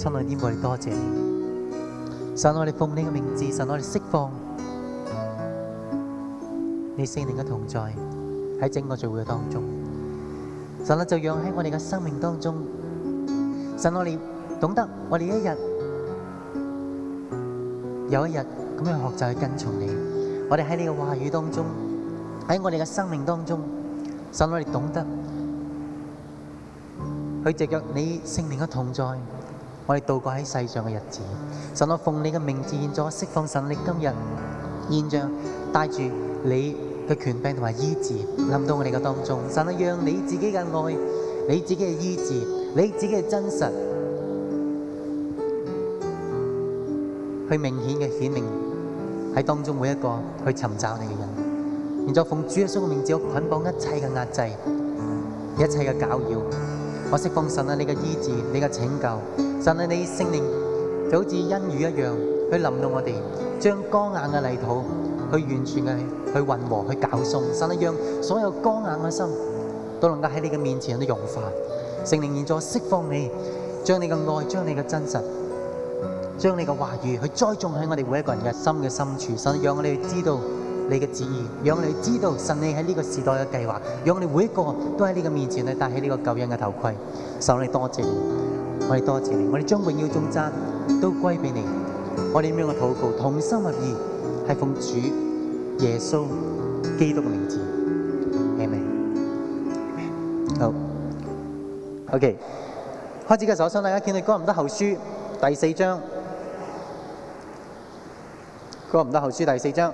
親愛的天父，多謝你，神我哋奉你嘅名字，神我哋釋放你聖靈嘅同在喺整個聚會嘅當中，神我就讓喺我哋嘅生命當中，神我哋懂得，我哋一日有一日咁樣學習去跟從你，我哋喺你嘅話語當中，喺我哋嘅生命當中，神我哋懂得去藉着你聖靈嘅同在。我哋度過喺世上嘅日子，神啊，我奉你嘅名字現在，我釋放神力、啊。今日現象帶住你嘅權柄同埋醫治，臨到我哋嘅當中。神啊，讓你自己嘅愛，你自己嘅醫治，你自己嘅真實，去明顯嘅顯明喺當中每一個去尋找你嘅人。現在奉主耶穌嘅名字，我捆綁一切嘅壓制，一切嘅攪擾。我釋放神啊，你嘅醫治，你嘅拯救。神啊，你聖靈就好似恩雨一樣，去淋到我哋，將乾硬嘅泥土去完全嘅去混和、去搞鬆。神啊，讓所有乾硬嘅心都能夠喺你嘅面前都融化。聖靈現在釋放你，將你嘅愛、將你嘅真實、將你嘅話語去栽種喺我哋每一個人嘅心嘅深處。神啊，讓我哋知道你嘅旨意，讓我哋知道神你喺呢個時代嘅計劃，讓我哋每一個都喺你嘅面前去戴起呢個救恩嘅頭盔。神啊，多謝你！我哋多謝你，我哋將榮耀頌讚都歸俾你。我哋呢邊嘅禱告同心合意，係奉主耶穌基督嘅名字，阿門。好，OK，開始嘅時候，我想大家見《哥林多後書》第四章，《哥林多後書》第四章。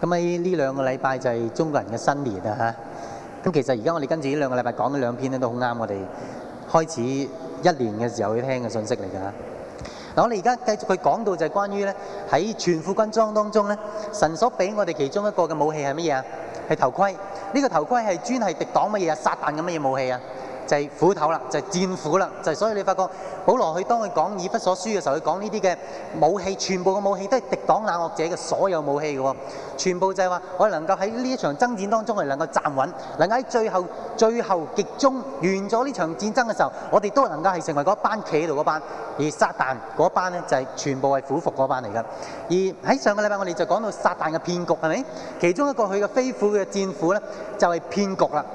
咁喺呢兩個禮拜就係中國人嘅新年啊嚇！咁其實而家我哋跟住呢兩個禮拜講咗兩篇咧，都好啱我哋開始一年嘅時候去聽嘅信息嚟㗎。嗱，我哋而家繼續去講到就係關於咧喺全副軍裝當中咧，神所俾我哋其中一個嘅武器係乜嘢啊？係頭盔，呢個頭盔係專係敵擋乜嘢啊？撒旦嘅乜嘢武器啊？就係斧頭啦，就係戰斧啦，就係所以你發覺，保羅去當佢講以弗所書嘅時候，佢講呢啲嘅武器，全部嘅武器都係敵擋冷惡者嘅所有武器嘅，全部就係話我哋能夠喺呢一場爭戰當中係能夠站穩，能夠喺最後最後極終完咗呢場戰爭嘅時候，我哋都能夠係成為嗰班企喺度嗰班，而撒旦嗰班咧就係全部係俯伏嗰班嚟嘅。而喺上個禮拜我哋就講到撒旦嘅騙局係咪？其中一個佢嘅飛斧嘅戰斧咧，就係騙局啦。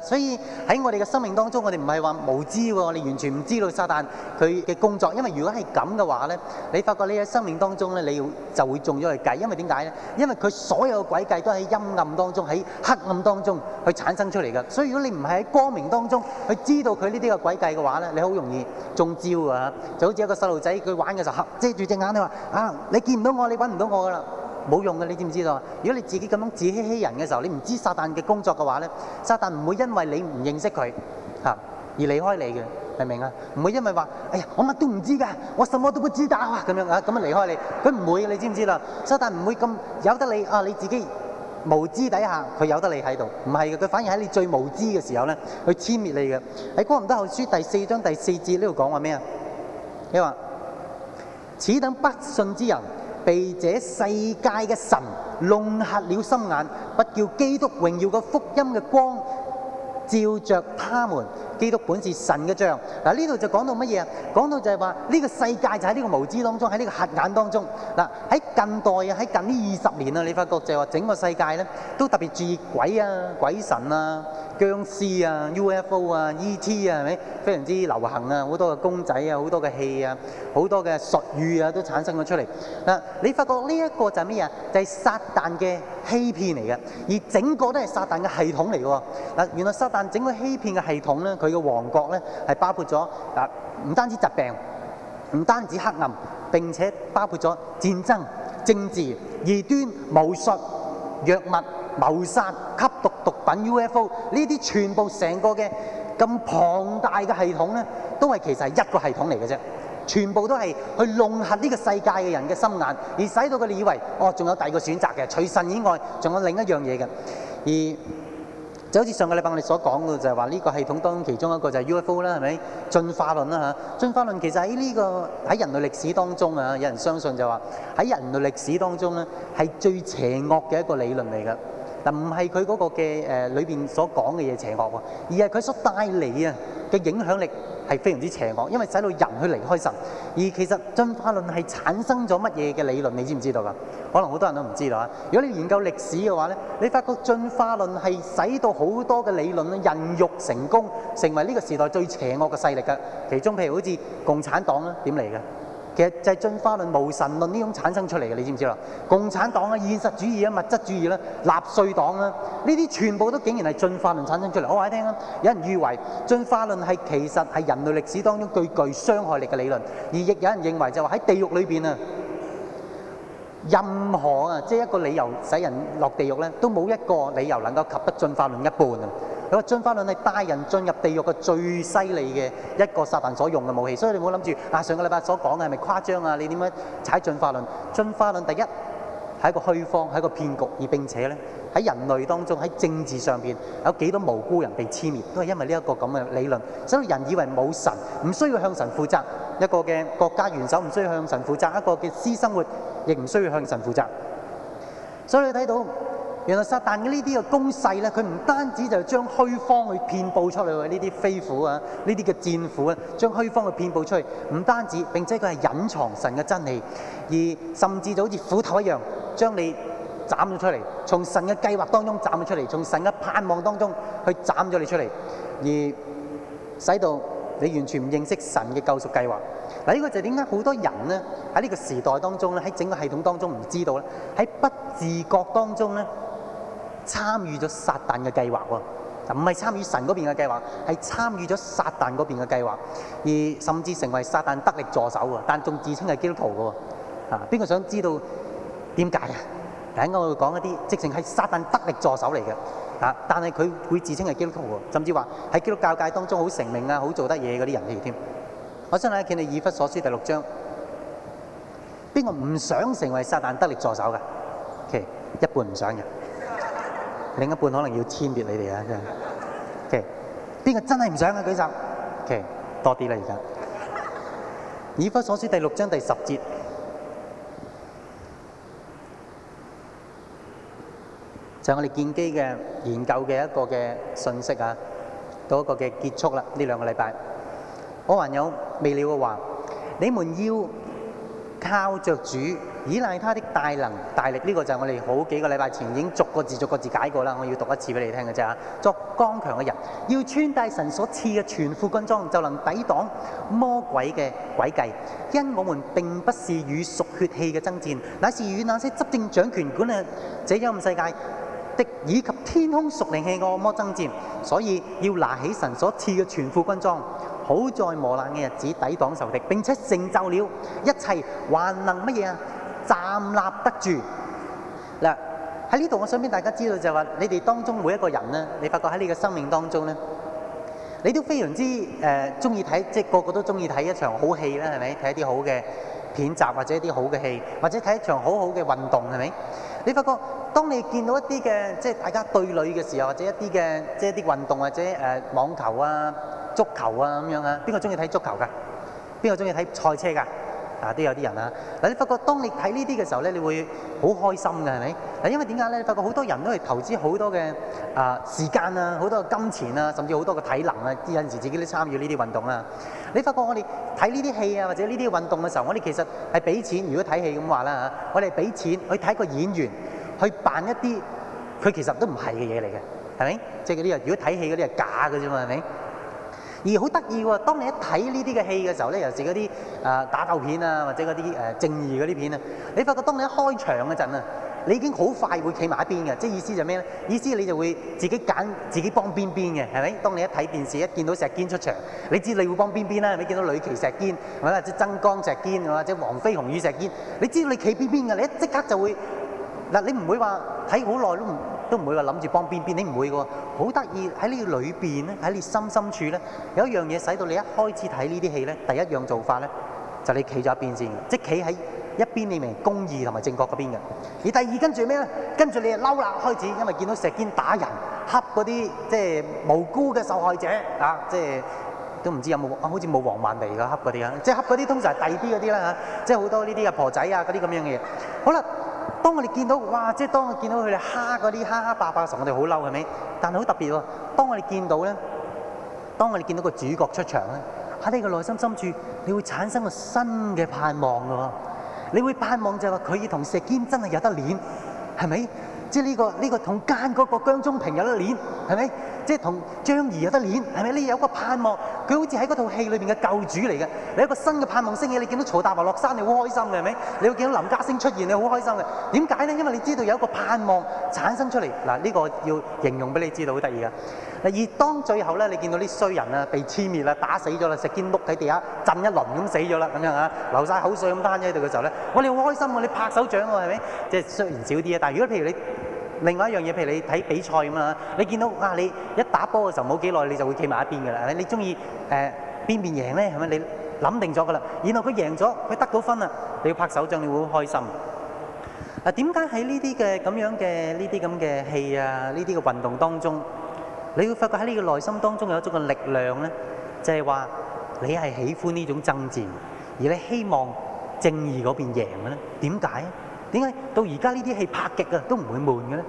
所以喺我哋嘅生命當中，我哋唔係話無知喎，我哋完全唔知道撒旦佢嘅工作，因為如果係咁嘅話咧，你發覺你喺生命當中咧，你就會中咗佢計，因為點解咧？因為佢所有嘅鬼計都喺陰暗當中，喺黑暗當中去產生出嚟㗎，所以如果你唔係喺光明當中去知道佢呢啲嘅鬼計嘅話咧，你好容易中招啊！就好似有個細路仔，佢玩嘅時候合遮住隻眼說，你話啊，你見唔到我，你搵唔到我㗎啦。冇用嘅，你知唔知道？如果你自己咁樣自欺欺人嘅時候，你唔知道撒旦嘅工作嘅話呢，撒旦唔會因為你唔認識佢、啊、而離開你嘅，明唔明啊？唔會因為話哎呀，我乜都唔知道，我什麼都不知道啊咁樣啊，咁啊離開你，佢唔會，你知唔知啦？撒旦唔會咁由得你啊，你自己無知底下，佢由得你喺度，唔係嘅，佢反而喺你最無知嘅時候呢，去殲滅你嘅。喺《哥林多後書》第四章第四章第四節呢度講話咩啊？你話此等不信之人。被這世界嘅神弄瞎了心眼，不叫基督榮耀嘅福音嘅光照着他們。基督本是神嘅像。嗱、啊，呢度就講到乜嘢啊？講到就係話呢個世界就喺呢個無知當中，喺呢個瞎眼當中。嗱、啊，喺近代啊，喺近呢二十年啊，你發覺就係話整個世界咧都特別注意鬼啊、鬼神啊。僵屍啊、UFO 啊、ET 啊，係咪非常之流行啊？好多嘅公仔啊、好多嘅戲啊、好多嘅術語啊，都產生咗出嚟。嗱、啊，你發覺呢一個就係咩啊？就係、是、撒旦嘅欺騙嚟嘅，而整個都係撒旦嘅系統嚟㗎。嗱、啊，原來撒旦整個欺騙嘅系統咧，佢嘅王國咧係包括咗，嗱、啊，唔單止疾病，唔單止黑暗，並且包括咗戰爭、政治、異端、巫術、藥物、謀殺、吸毒。毒品 UFO 呢啲全部成個嘅咁龐大嘅系統咧，都係其實係一個系統嚟嘅啫，全部都係去弄合呢個世界嘅人嘅心眼，而使到佢哋以為哦，仲有第二個選擇嘅，除神以外，仲有另一樣嘢嘅。而就好似上個禮拜我哋所講嘅，就係話呢個系統當中其中一個就係 UFO 啦，係咪進化論啦吓？進化論其實喺呢個喺人類歷史當中啊，有人相信就話喺人類歷史當中咧，係最邪惡嘅一個理論嚟嘅。但唔係佢嗰個嘅誒裏邊所講嘅嘢邪惡喎，而係佢所帶嚟啊嘅影響力係非常之邪惡，因為使到人去離開神。而其實進化論係產生咗乜嘢嘅理論？你知唔知道噶？可能好多人都唔知道啊！如果你研究歷史嘅話咧，你發覺進化論係使到好多嘅理論啊，孕育成功，成為呢個時代最邪惡嘅勢力噶。其中譬如好似共產黨咧，點嚟嘅？其實就係進化論、無神論呢種產生出嚟嘅，你知唔知啦？共產黨啊、現實主義啊、物質主義啦、啊、納粹黨啦、啊，呢啲全部都竟然係進化論產生出嚟。我話你聽啦，有人認為進化論係其實係人類歷史當中具具傷害力嘅理論，而亦有人認為就話喺地獄裏邊啊，任何啊，即係一個理由使人落地獄咧，都冇一個理由能夠及得進化論一半啊！個進化論係帶人進入地獄嘅最犀利嘅一個撒旦所用嘅武器，所以你唔好諗住啊上個禮拜所講嘅係咪誇張啊？你點解踩進化論？進化論第一係一個虛謊，係一個騙局，而並且咧喺人類當中喺政治上邊有幾多無辜人被殲滅，都係因為呢一個咁嘅理論。所以人以為冇神，唔需要向神負責；一個嘅國家元首唔需要向神負責；一個嘅私生活亦唔需要向神負責。所以你睇到。原來撒旦嘅呢啲嘅攻勢咧，佢唔單止就將虛方去遍佈出嚟喎，呢啲飛虎啊，呢啲嘅戰斧啊，將虛方去遍佈出嚟，唔單止並且佢係隱藏神嘅真理，而甚至就好似斧頭一樣，將你斬咗出嚟，從神嘅計劃當中斬咗出嚟，從神嘅盼望當中去斬咗你出嚟，而使到你完全唔認識神嘅救贖計劃。嗱，呢個就係點解好多人咧喺呢個時代當中咧，喺整個系統當中唔知道咧，喺不自覺當中咧。參與咗撒旦嘅計劃喎，唔係參與神嗰邊嘅計劃，係參與咗撒旦嗰邊嘅計劃，而甚至成為撒旦得力助手喎。但仲自稱係基督徒嘅喎，啊，邊個想知道點解啊？嚟我會講一啲，直情係撒旦得力助手嚟嘅，啊，但係佢會自稱係基督徒喎，甚至話喺基督教界當中好成名啊，好做得嘢嗰啲人嚟添。我想睇見你《以弗所書》第六章，邊個唔想成為撒旦得力助手嘅？OK，一半唔想嘅。另一半可能要簽別你哋啊！真係，OK，邊個真係唔想嘅舉手？OK，多啲啦。而家以弗所書第六章第十節，就係我哋見機嘅研究嘅一個嘅信息啊，到一個嘅結束啦。呢兩個禮拜，我還有未了嘅話，你們要靠着主。倚賴他的大能大力，呢個就係我哋好幾個禮拜前已經逐個字逐個字解過啦。我要讀一次俾你聽嘅啫。作剛強嘅人，要穿戴神所賜嘅全副軍裝，就能抵擋魔鬼嘅詭計。因我們並不是與屬血氣嘅爭戰，乃是與那些執政掌權管理者陰暗世界的以及天空屬靈氣嘅惡魔爭戰，所以要拿起神所賜嘅全副軍裝，好在磨難嘅日子抵擋仇敵。並且成就了一切，還能乜嘢啊？站立得住。嗱，喺呢度我想俾大家知道就係話，你哋當中每一個人咧，你發覺喺你嘅生命當中咧，你都非常之誒中意睇，即係個個都中意睇一場好戲啦，係咪？睇一啲好嘅片集或者一啲好嘅戲，或者睇一場好好嘅運動係咪？你發覺當你見到一啲嘅即係大家對壘嘅時候，或者一啲嘅即一啲運動或者誒、呃、網球啊、足球啊咁樣啊，邊個中意睇足球㗎？邊個中意睇賽車㗎？嗱，都有啲人啦。嗱，你發覺當你睇呢啲嘅時候咧，你會好開心㗎，係咪？嗱，因為點解咧？你發覺好多人都係投資好多嘅啊時間啊，好多嘅金錢啊，甚至好多嘅體能啊，有陣時自己都參與呢啲運動啊。你發覺我哋睇呢啲戲啊，或者呢啲運動嘅時候，我哋其實係俾錢。如果睇戲咁話啦嚇，我哋俾錢去睇個演員去扮一啲佢其實都唔係嘅嘢嚟嘅，係咪？即係嗰啲啊，如果睇戲嗰啲係假㗎啫嘛，係咪？而好得意喎，當你一睇呢啲嘅戲嘅時候咧，尤其是嗰啲誒打鬥片啊，或者嗰啲誒正義嗰啲片啊，你發覺當你一開場嗰陣啊，你已經好快會企埋一邊嘅，即係意思就咩咧？意思，是意思是你就會自己揀自己幫邊邊嘅，係咪？當你一睇電視一見到石堅出場，你知你會幫邊邊啦。你見到呂奇石堅，或者曾江石堅，或者黃飛鴻與石堅，你知道你企邊邊嘅，你一即刻就會。嗱，你唔會話睇好耐都唔都唔會話諗住幫邊邊，你唔會喎。好得意喺呢個裏邊咧，喺你心深深處咧，有一樣嘢使到你一開始睇呢啲戲咧，第一樣做法咧，就你企咗一邊先，即係企喺一邊你明公義同埋正確嗰邊嘅。而第二跟住咩咧？跟住你係嬲啦，開始，因為見到石堅打人，恰嗰啲即係無辜嘅受害者啊，即係都唔知道有冇啊，好似冇王萬利㗎恰嗰啲啊，即係恰嗰啲通常係第二啲嗰啲啦嚇，即係好多呢啲阿婆仔啊嗰啲咁樣嘅嘢。好啦。當我哋見到哇，即係當我見到佢哋蝦嗰啲蝦蝦霸霸嘅時候，我哋好嬲係咪？但係好特別喎。當我哋見到咧，當我哋見到個主角出場咧，喺呢個內心深處，你會產生個新嘅盼望㗎喎。你會盼望就係話佢要同石堅真係有得攣，係咪？即係呢個呢個同奸嗰個姜中平有得攣，係咪？即係同張儀有得練，係咪？你有一個盼望，佢好似喺套戲裏邊嘅救主嚟嘅。你有一個新嘅盼望升起，你見到曹達華落山，你好開心嘅，係咪？你會見到林家聲出現，你好開心嘅。點解咧？因為你知道有一個盼望產生出嚟。嗱，呢個要形容俾你知道，好得意㗎。嗱，而當最後咧，你見到啲衰人啊，被殲滅啦，打死咗啦，石堅碌喺地下震一輪咁死咗啦，咁樣啊，流晒口水咁趴喺度嘅時候咧，我哋好開心喎，啊，你拍手掌喎，啊，係咪？即係雖然少啲啊，但係如果譬如你。另外一樣嘢，譬如你睇比賽咁啊，你見到啊，你一打波嘅時候冇幾耐，你就會企埋一邊㗎喇。你中意誒邊邊贏咧？係咪你諗定咗㗎喇？然後佢贏咗，佢得到分啦，你要拍手掌，你會好開心。嗱，點解喺呢啲嘅咁樣嘅呢啲咁嘅戲啊，呢啲嘅運動當中，你會發覺喺呢個內心當中有一種嘅力量咧，就係話你係喜歡呢種爭戰，而你希望正義嗰邊贏嘅咧，點解？點解到而家呢啲戲拍極嘅都唔會悶嘅咧？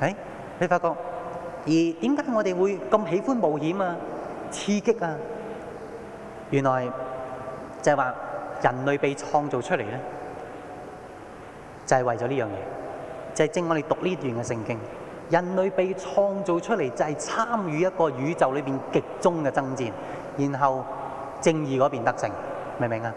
係咪？你發覺？而點解我哋會咁喜歡冒險啊、刺激啊？原來就係話人類被創造出嚟咧，就係為咗呢樣嘢。就係正我哋讀呢段嘅聖經，人類被創造出嚟就係參與一個宇宙裏邊極終嘅爭戰，然後正義嗰邊得勝，明唔明啊？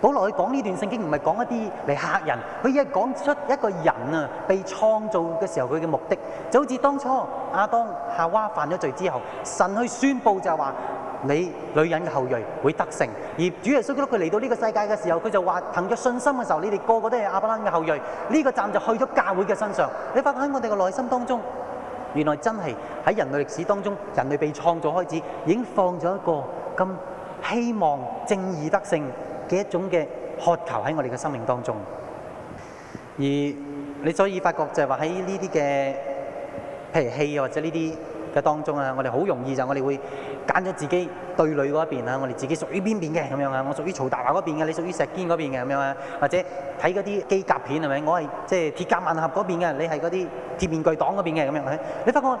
保羅佢講呢段聖經，唔係講一啲嚟嚇人，佢而係講出一個人啊被創造嘅時候佢嘅目的，就好似當初亞當夏娃犯咗罪之後，神去宣佈就係話你女人嘅後裔會得勝。而主耶穌基督佢嚟到呢個世界嘅時候，佢就話憑着信心嘅時候，你哋個個都係亞伯拉罕嘅後裔。呢個站就去咗教會嘅身上，你發覺喺我哋嘅內心當中，原來真係喺人類歷史當中，人類被創造開始已經放咗一個咁希望正義得勝。嘅一種嘅渴求喺我哋嘅生命當中，而你所以發覺就係話喺呢啲嘅，譬如戲或者呢啲嘅當中啊，我哋好容易就我哋會揀咗自己對壘嗰一邊啦。我哋自己屬於邊邊嘅咁樣啊？我屬於曹達華嗰邊嘅，你屬於石堅嗰邊嘅咁樣啊？或者睇嗰啲機甲片係咪？我係即係鐵甲萬合嗰邊嘅，你係嗰啲鐵面具黨嗰邊嘅咁樣。你發覺？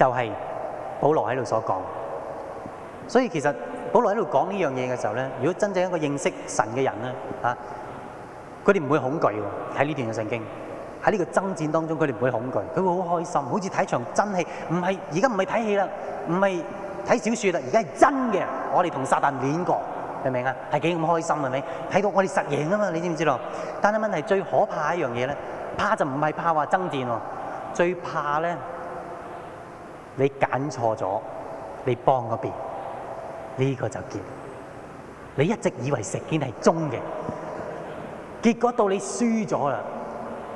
就係保羅喺度所講，所以其實保羅喺度講呢樣嘢嘅時候咧，如果真正一個認識神嘅人咧，啊，佢哋唔會恐懼喎。睇呢段嘅聖經喺呢個爭戰當中，佢哋唔會恐懼，佢會好開心，好似睇場真戲。唔係而家唔係睇戲啦，唔係睇小説啦，而家係真嘅。我哋同撒旦戀過，明唔明啊？係幾咁開心啊？係咪睇到我哋實贏啊嘛！你知唔知道？但係問題最可怕一樣嘢咧，怕就唔係怕話爭戰喎，最怕咧。你揀錯咗，你幫嗰邊，呢、這個就見。你一直以為石堅係中嘅，結果到你輸咗啦，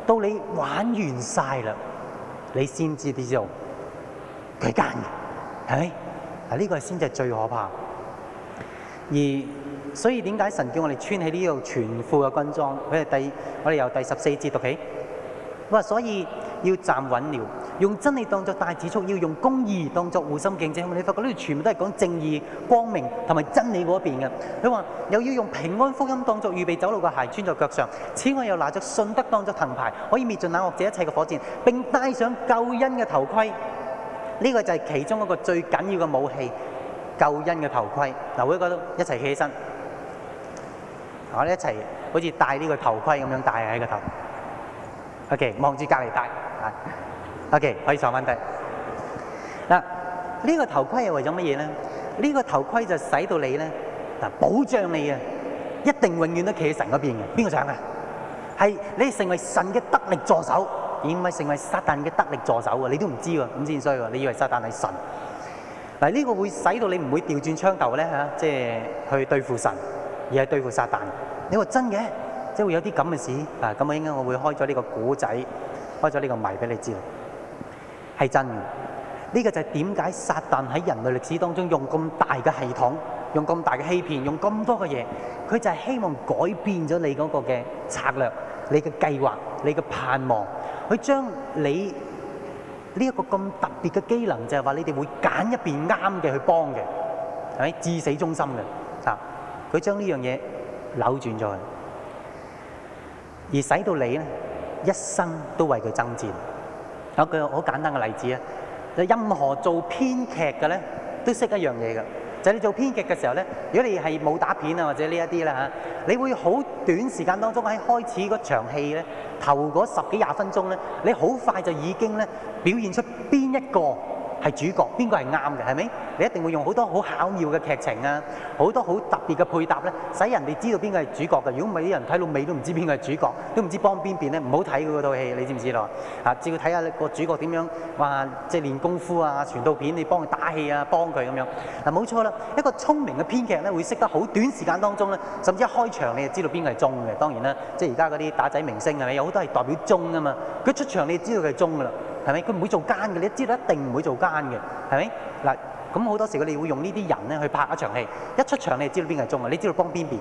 到你玩完晒啦，你先知呢招佢奸嘅。唉，啊、這、呢個先至最可怕。而所以點解神叫我哋穿起呢度全副嘅軍裝？佢係第我哋由第十四節讀起。我話所以要站穩了。用真理當作帶子束腰，要用公義當作護心鏡，即係你發覺呢度全部都係講正義、光明同埋真理嗰邊嘅。佢話又要用平安福音當作預備走路嘅鞋穿在腳上，此外又拿著信德當作藤牌，可以滅盡那惡者一切嘅火箭，並戴上救恩嘅頭盔。呢、這個就係其中一個最緊要嘅武器——救恩嘅頭盔。嗱，我哋得一齊起身，我哋一齊好似戴呢個頭盔咁樣戴喺個頭。OK，望住隔籬戴。O.K. 可以坐翻低。嗱，呢個頭盔係為咗乜嘢咧？呢、呢個頭盔就使到你咧，嗱，保障你嘅，一定永遠都企喺神嗰邊嘅。邊個上嘅？係你成為神嘅得力助手，而唔係成為撒旦嘅得力助手啊！你都唔知喎，咁先衰喎！你以為撒旦係神？嗱，呢個使會使到你唔會調轉槍頭咧嚇，即係去對付神，而係對付撒旦。你話真嘅？即係會有啲咁嘅事？啊，咁我應該我會開咗呢個古仔，開咗呢個謎俾你知。係真嘅，呢、這個就係點解撒旦喺人類歷史當中用咁大嘅系統，用咁大嘅欺騙，用咁多嘅嘢，佢就係希望改變咗你嗰個嘅策略、你嘅計劃、你嘅盼望，佢將你呢、這個、一個咁特別嘅機能，就係話你哋會揀一邊啱嘅去幫嘅，係咪？至死忠心嘅，啊！佢將呢樣嘢扭轉咗，而使到你咧一生都為佢爭戰。有一個好簡單嘅例子啊！就是、任何做編劇嘅呢都識一樣嘢嘅，就是你做編劇嘅時候呢，如果你係武打片啊或者呢一啲呢，你會好短時間當中喺開始嗰場戲咧頭嗰十幾廿分鐘呢，你好快就已經呢表現出邊一個係主角，邊個係啱嘅？係咪？你一定會用好多好巧妙嘅劇情啊，好多好特別嘅配搭咧，使人哋知道邊個係主角嘅。如果唔係，啲人睇到尾都唔知邊個係主角，都唔知幫邊邊咧，唔好睇佢嗰套戲。你知唔知咯？啊，只要睇下個主角點樣，話即係練功夫啊，傳道片你幫佢打氣啊，幫佢咁樣。嗱、啊、冇錯啦，一個聰明嘅編劇咧，會識得好短時間當中咧，甚至一開場你就知道邊個係忠嘅。當然啦，即係而家嗰啲打仔明星係咪？有好多係代表忠啊嘛，佢出場你就知道佢係忠㗎啦。係咪？佢唔會做奸嘅，你知道一定唔會做奸嘅，係咪？嗱，咁好多時佢哋會用呢啲人咧去拍一場戲，一出場你就知道邊個係忠嘅，你知道幫邊邊。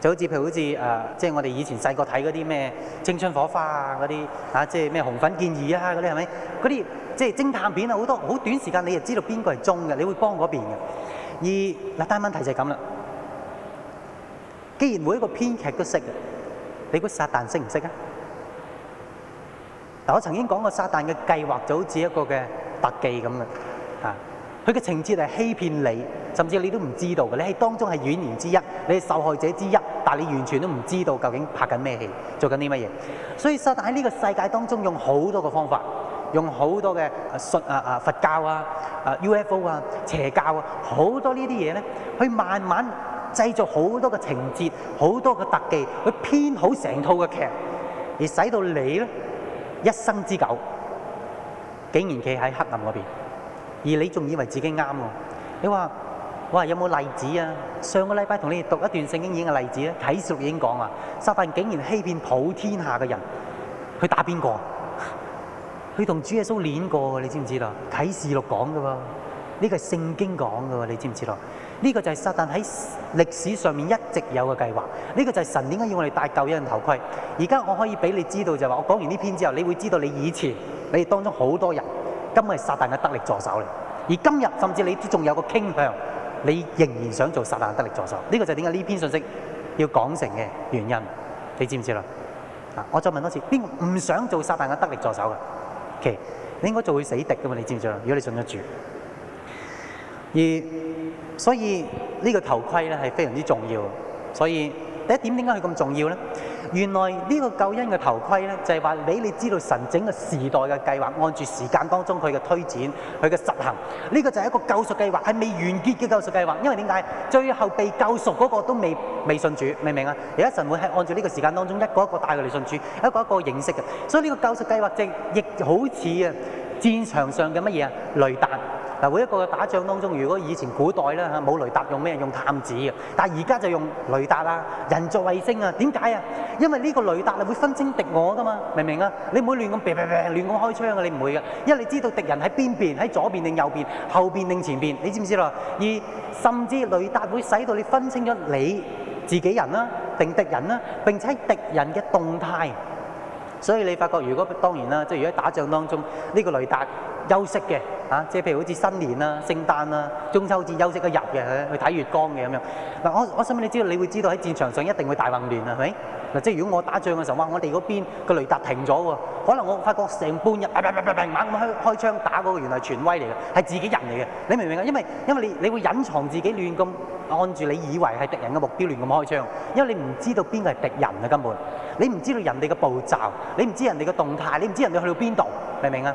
就好似譬如好似誒，即、呃、係、就是、我哋以前細個睇嗰啲咩青春火花啊嗰啲，嚇，即係咩紅粉建議啊嗰啲係咪？嗰啲即係偵探片啊，好多好短時間你就知道邊個係忠嘅，你會幫嗰邊嘅。而嗱，但係問題就係咁啦。既然每一個編劇都識嘅，你估撒旦識唔識啊？我曾經講過，撒旦嘅計劃就好似一個嘅特技咁嘅啊！佢嘅情節係欺騙你，甚至你都唔知道嘅。你喺當中係演員之一，你係受害者之一，但係你完全都唔知道究竟拍緊咩戲，做緊啲乜嘢。所以撒旦喺呢個世界當中用好多個方法，用好多嘅啊啊佛教啊啊 UFO 啊邪教啊好多呢啲嘢咧，去慢慢製造好多嘅情節，好多嘅特技，去編好成套嘅劇，而使到你咧。一生之久，竟然企喺黑暗嗰邊，而你仲以為自己啱喎？你話，哇，有冇例子啊？上個禮拜同你哋讀一段聖經演嘅例子啦，《啟示錄》已經講啦，撒但竟然欺騙普天下嘅人，佢打邊個？佢同主耶穌練過，你知唔知啦？《啟示錄》講嘅喎，呢個係聖經講嘅喎，你知唔知咯？呢個就係撒旦喺歷史上面一直有嘅計劃。呢、這個就係神點解要我哋戴救恩頭盔。而家我可以俾你知道就係、是、話，我講完呢篇之後，你會知道你以前你哋當中好多人，今日係撒旦嘅得力助手嚟。而今日甚至你仲有個傾向，你仍然想做撒旦嘅得力助手。呢、這個就係點解呢篇信息要講成嘅原因。你知唔知啦？我再問多次，邊個唔想做撒旦嘅得力助手嘅？K，、okay，你應該就會死敵㗎嘛？你知唔知啊？如果你信得住，而。所以呢個頭盔咧係非常之重要。所以第一點點解佢咁重要呢？原來呢個救恩嘅頭盔呢，就係話俾你知道神整個時代嘅計劃，按住時間當中佢嘅推展、佢嘅實行。呢個就係一個救贖計劃，係未完結嘅救贖計劃。因為點解？最後被救贖嗰個都未未信主，明唔明啊？而家神會係按照呢個時間當中一個一個帶佢嚟信主，一個一個、一個認識嘅。所以呢個救贖計劃正亦好似啊戰場上嘅乜嘢啊雷達。嗱，每一個嘅打仗當中，如果以前古代咧嚇冇雷達，用咩？用探子啊。但係而家就用雷達啦、人造衛星啊。點解啊？因為呢個雷達啊會分清敵我噶嘛，明唔明啊？你唔會亂咁砰砰砰亂咁開槍啊，你唔會嘅，因為你知道敵人喺邊邊，喺左邊定右邊，後邊定前邊，你知唔知咯？而甚至雷達會使到你分清咗你自己人啦，定敵人啦，並且敵人嘅動態。所以你發覺，如果當然啦，即係如果打仗當中呢個雷達。休息嘅嚇，即、啊、係譬如好似新年啦、聖誕啦、中秋節休息嘅日嘅去睇月光嘅咁樣。嗱，我我想畀你知道，你會知道喺戰場上一定會大混亂啊係咪？嗱，即係如果我打仗嘅時候話，我哋嗰邊個雷達停咗喎，可能我發覺成半日，砰砰砰砰猛咁開開槍打嗰個，原來權威嚟嘅，係自己人嚟嘅。你明唔明啊？因為因為你你會隱藏自己亂咁按住，你以為係敵人嘅目標亂咁開槍，因為你唔知道邊個係敵人啊根本，你唔知道人哋嘅步驟，你唔知人哋嘅動態，你唔知人哋去到邊度，明唔明啊？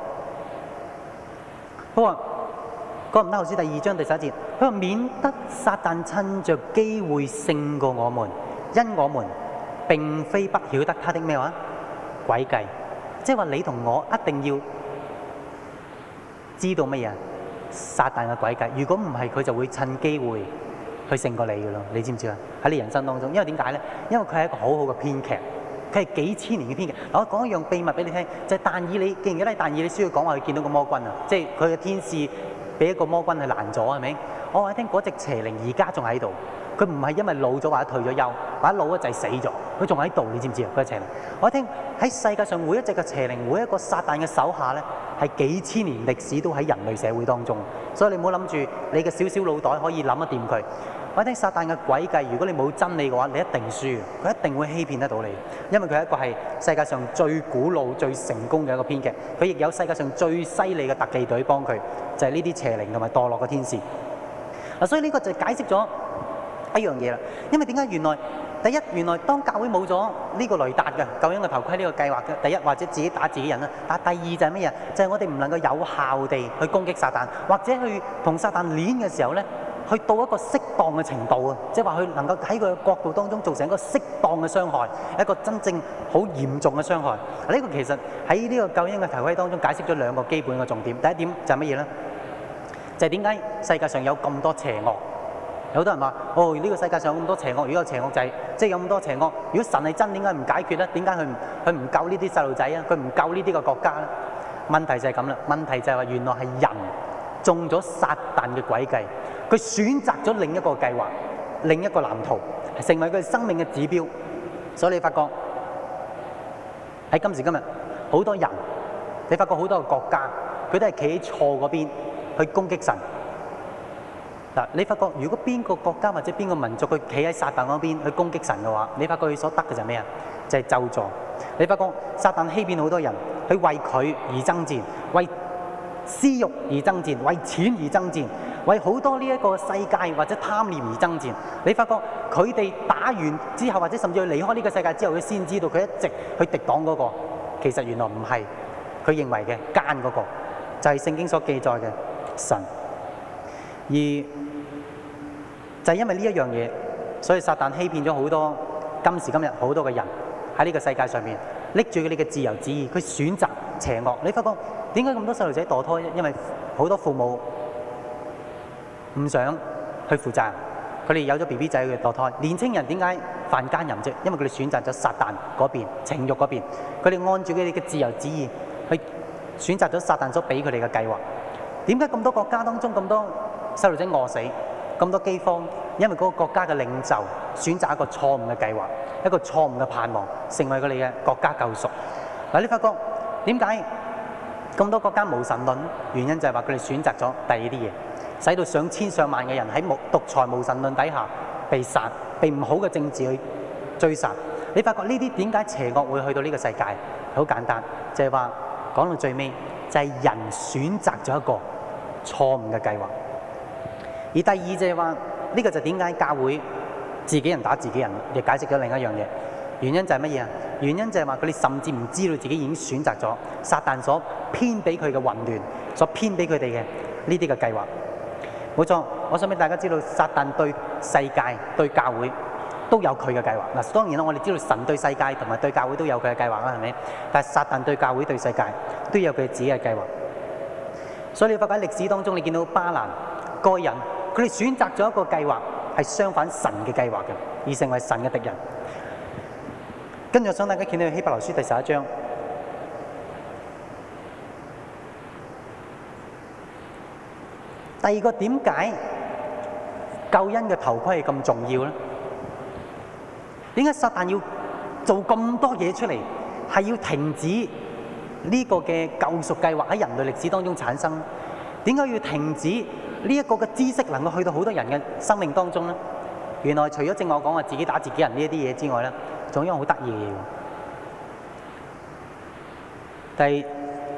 佢話，嗰唔得，老師第二章第三節，佢話免得撒旦趁着機會勝過我們，因我們並非不曉得他的咩話，詭計。即係話你同我一定要知道乜嘢，撒旦嘅詭計。如果唔係，佢就會趁機會去勝過你㗎咯。你知唔知啊？喺你人生當中，因為點解咧？因為佢係一個好好嘅編劇。佢係幾千年嘅偏見。我講一樣秘密俾你聽，就係、是、但以理你記唔記得？既然是但以理你需要講話，佢見到個魔君啊，即係佢嘅天使俾一個魔君係攔咗，係咪？我話你聽嗰隻邪靈而家仲喺度，佢唔係因為老咗或者退咗休，或者老啊就死咗，佢仲喺度，你知唔知啊？嗰隻邪靈，我話聽喺世界上每一隻嘅邪靈，每一個撒旦嘅手下咧，係幾千年歷史都喺人類社會當中，所以你唔好諗住你嘅小小腦袋可以諗一掂佢。我聽撒旦嘅鬼計，如果你冇真理嘅話，你一定輸。佢一定會欺騙得到你，因為佢係一個係世界上最古老、最成功嘅一個編劇。佢亦有世界上最犀利嘅特技隊幫佢，就係呢啲邪靈同埋墮落嘅天使。所以呢個就解釋咗一樣嘢啦。因為點解原來第一，原來當教會冇咗呢個雷達嘅救恩嘅頭盔呢個計劃嘅第一，或者自己打自己人啦。但第二就係乜嘢？就係、是、我哋唔能夠有效地去攻擊撒旦，或者去同撒旦攣嘅時候呢。去到一個適當嘅程度啊，即係話佢能夠喺個角度當中造成一個適當嘅傷害，一個真正好嚴重嘅傷害。呢個其實喺呢個救恩嘅頭盔當中解釋咗兩個基本嘅重點。第一點就係乜嘢咧？就係點解世界上有咁多邪惡？有好多人話：哦，呢個世界上咁多邪惡，如果有邪惡仔，即係有咁多邪惡，如果神係真，點解唔解決咧？點解佢唔佢唔救呢啲細路仔啊？佢唔救呢啲嘅國家咧？問題就係咁啦。問題就係話原來係人中咗撒但嘅詭計。佢選擇咗另一個計劃，另一個藍圖，成為佢生命嘅指標。所以你發覺喺今時今日，好多人，你發覺好多個國家，佢都係企喺錯嗰邊去攻擊神。嗱，你發覺如果邊個國家或者邊個民族佢企喺撒旦嗰邊去攻擊神嘅話，你發覺佢所得嘅就係咩啊？就係咒詛。你發覺撒旦欺騙好多人，去為佢而爭戰，為私慾而爭戰，為錢而爭戰。為好多呢一個世界或者貪念而爭戰，你發覺佢哋打完之後，或者甚至要離開呢個世界之後，佢先知道佢一直去敵擋嗰個，其實原來唔係佢認為嘅奸嗰個，就係聖經所記載嘅神。而就係因為呢一樣嘢，所以撒旦欺騙咗好多今時今日好多嘅人喺呢個世界上面拎住佢哋嘅自由主義，佢選擇邪惡。你發覺點解咁多細路仔墮胎？因為好多父母，唔想去負責任，佢哋有咗 B B 仔，佢墮胎。年青人點解犯奸淫啫？因為佢哋選擇咗撒旦嗰邊情欲嗰邊，佢哋按照佢哋嘅自由旨意去選擇咗撒旦所俾佢哋嘅計劃。點解咁多國家當中咁多細路仔餓死，咁多饑荒？因為嗰個國家嘅領袖選擇一個錯誤嘅計劃，一個錯誤嘅盼望，成為佢哋嘅國家救贖。嗱，你發覺點解咁多國家無神論？原因就係話佢哋選擇咗第二啲嘢。使到上千上萬嘅人喺無獨裁無神論底下被殺，被唔好嘅政治去追殺。你發覺呢啲點解邪惡會去到呢個世界？好簡單，就係話講到最尾，就係人選擇咗一個錯誤嘅計劃。而第二就係話呢個就點解教會自己人打自己人？亦解釋咗另一樣嘢。原因就係乜嘢啊？原因就係話佢哋甚至唔知道自己已經選擇咗撒旦所編俾佢嘅混亂，所編俾佢哋嘅呢啲嘅計劃。冇錯，我想俾大家知道，撒旦對世界、對教會都有佢嘅計劃。嗱，當然啦，我哋知道神對世界同埋對教會都有佢嘅計劃啦，係咪？但係撒旦對教會、對世界都有佢自己嘅計劃。所以你發覺喺歷史當中，你見到巴蘭、該人，佢哋選擇咗一個計劃，係相反神嘅計劃嘅，而成為神嘅敵人。跟住我想大家見到希伯來書第十一章。第二個點解救恩嘅頭盔係咁重要咧？點解撒旦要做咁多嘢出嚟，係要停止呢個嘅救贖計劃喺人類歷史當中產生？點解要停止呢一個嘅知識能夠去到好多人嘅生命當中咧？原來除咗正我講話自己打自己人呢一啲嘢之外咧，仲有一個好得意嘅嘢。第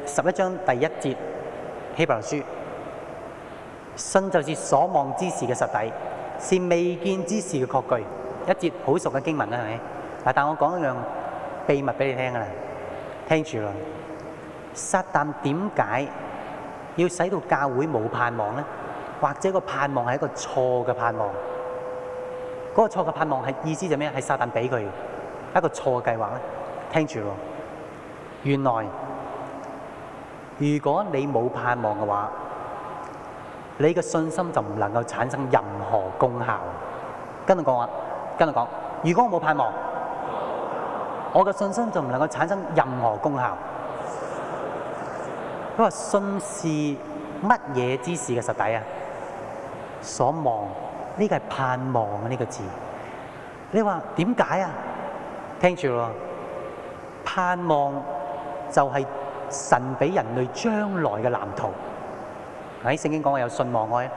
十一章第一節希伯來書。信就是所望之事嘅實底，是未見之事嘅確據。一節好熟嘅經文啦，係咪？嗱，但我講一樣秘密俾你聽噶啦，聽住咯。撒旦點解要使到教會冇盼望咧？或者個盼望係一個錯嘅盼望？嗰個錯嘅盼望係意思就咩？係撒旦俾佢一個錯嘅計劃咧？聽住咯。原來如果你冇盼望嘅話，你嘅信心就唔能夠產生任何功效，跟住講啊，跟住講。如果我冇盼望，我嘅信心就唔能夠產生任何功效。佢話信是乜嘢之事嘅實底啊？所望呢個係盼望啊！呢個字，你話點解啊？聽住咯，盼望就係神俾人類將來嘅藍圖。喺聖經講有信望愛，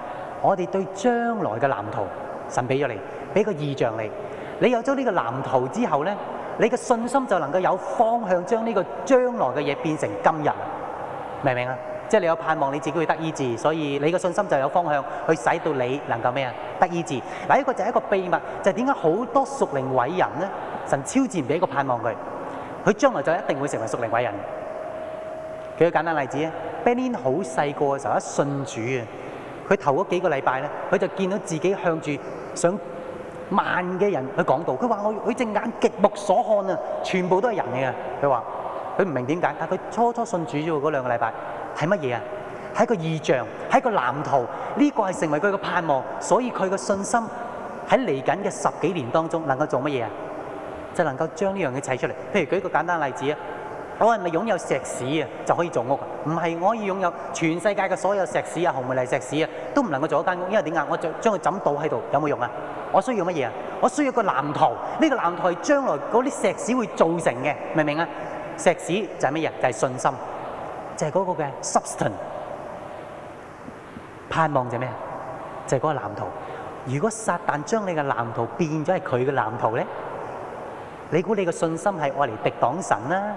我哋對將來嘅藍圖，神俾咗你，俾個意象你。你有咗呢個藍圖之後咧，你嘅信心就能夠有方向，將呢個將來嘅嘢變成今日。明唔明啊？即係你有盼望你自己會得醫治，所以你嘅信心就有方向去使到你能夠咩啊？得醫治。嗱，呢個就係一個秘密，就係點解好多屬靈偉人咧，神超自然俾一個盼望佢，佢將來就一定會成為屬靈偉人。舉個簡單例子啊，Benin 好細個嘅時候一信主啊，佢頭嗰幾個禮拜咧，佢就見到自己向住上萬嘅人去講道，佢話我佢隻眼極目所看啊，全部都係人嚟噶，佢話佢唔明點解，但係佢初初信主啫喎，嗰兩個禮拜係乜嘢啊？係一個異象，係一個藍圖，呢個係成為佢嘅盼望，所以佢嘅信心喺嚟緊嘅十幾年當中能夠做乜嘢啊？就能夠將呢樣嘢砌出嚟。譬如舉一個簡單例子啊。我係咪擁有石屎啊？就可以做屋？唔係，我可以擁有全世界嘅所有石屎啊、紅毛泥石屎啊，都唔能夠做一間屋，因為點解？我將佢枕倒喺度，有冇用啊？我需要乜嘢啊？我需要一個藍圖，呢個藍圖係將來嗰啲石屎會造成嘅，明唔明啊？石屎就係乜嘢？就係信心，就係嗰個嘅 substance。盼望就係咩啊？就係嗰個藍圖。如果撒旦將你嘅藍圖變咗係佢嘅藍圖咧，你估你嘅信心係愛嚟敵擋神啦，啊？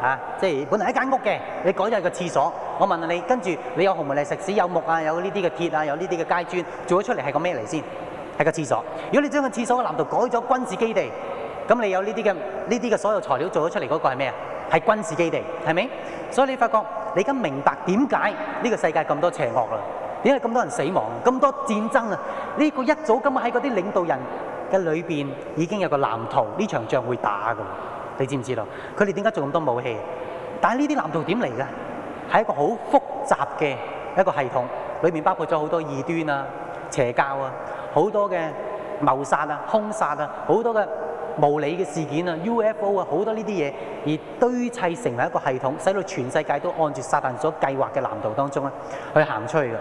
啊！即係本來一間屋嘅，你改咗係個廁所。我問下你，跟住你有紅毛泥、石屎，有木啊，有呢啲嘅鐵啊，有呢啲嘅階磚，做咗出嚟係個咩嚟先？係個廁所。如果你將個廁所嘅藍圖改咗軍事基地，咁你有呢啲嘅呢啲嘅所有材料做咗出嚟嗰個係咩啊？係軍事基地，係咪？所以你發覺你而家明白點解呢個世界咁多邪惡啦？點解咁多人死亡、咁多戰爭啊？呢個一早今日喺嗰啲領導人嘅裏邊已經有個藍圖，呢場仗會打噶。你知唔知道，佢哋點解做咁多武器？但係呢啲藍圖點嚟嘅？係一個好複雜嘅一個系統，裏面包括咗好多異端啊、邪教啊、好多嘅謀殺啊、兇殺啊、好多嘅無理嘅事件啊、UFO 啊，好多呢啲嘢而堆砌成為一個系統，使到全世界都按住撒旦所計劃嘅藍圖當中啊，去行出去嘅。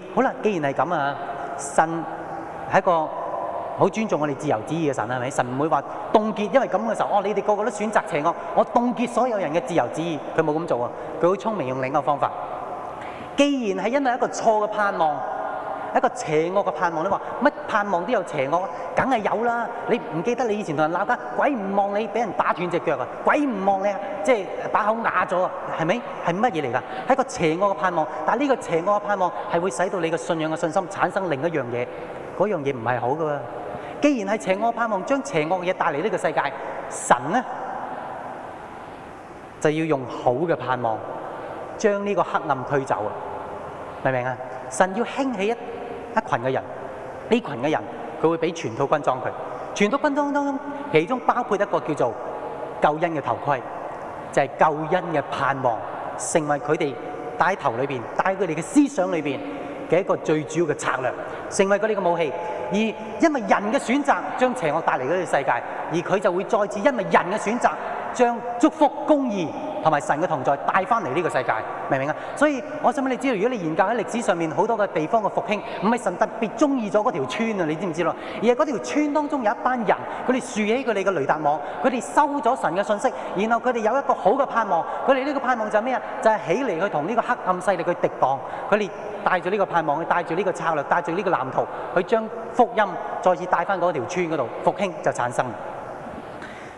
而好啦，既然係咁啊，神係一個。好尊重我哋自由主義嘅神係咪？神唔會話凍結，因為咁嘅時候，哦，你哋個個都選擇邪惡，我凍結所有人嘅自由主義，佢冇咁做啊！佢好聰明，用另一個方法。既然係因為一個錯嘅盼望，一個邪惡嘅盼望，你話乜盼望都有邪惡啊，梗係有啦！你唔記得你以前同人鬧交，鬼唔望你俾人打斷隻腳啊！鬼唔望你啊，即係把口啞咗啊？係咪？係乜嘢嚟噶？係一個邪惡嘅盼望。但係呢個邪惡嘅盼望係會使到你嘅信仰嘅信心產生另一樣嘢，嗰樣嘢唔係好噶。既然係邪惡盼望將邪惡嘅嘢帶嚟呢個世界，神呢，就要用好嘅盼望將呢個黑暗驅走啊！明唔明啊？神要興起一一群嘅人，呢群嘅人佢會俾全套軍裝佢，全套軍裝當中其中包括一個叫做救恩嘅頭盔，就係、是、救恩嘅盼望，成為佢哋戴喺頭裏邊，帶佢哋嘅思想裏邊。嘅一個最主要嘅策略，成為佢呢個武器。而因為人嘅選擇，將邪惡帶嚟呢個世界，而佢就會再次因為人嘅選擇，將祝福、公義同埋神嘅同在帶翻嚟呢個世界，明唔明啊？所以我想俾你知道，如果你研究喺歷史上面好多嘅地方嘅復興，唔係神特別中意咗嗰條村啊，你知唔知咯？而係嗰條村當中有一班人，佢哋豎起佢哋嘅雷達網，佢哋收咗神嘅信息，然後佢哋有一個好嘅盼望，佢哋呢個盼望就係咩啊？就係起嚟去同呢個黑暗勢力去敵擋，佢哋帶住呢個盼望，帶住呢個策略，帶住呢個藍圖，去將福音再次帶翻嗰條村嗰度，復興就產生。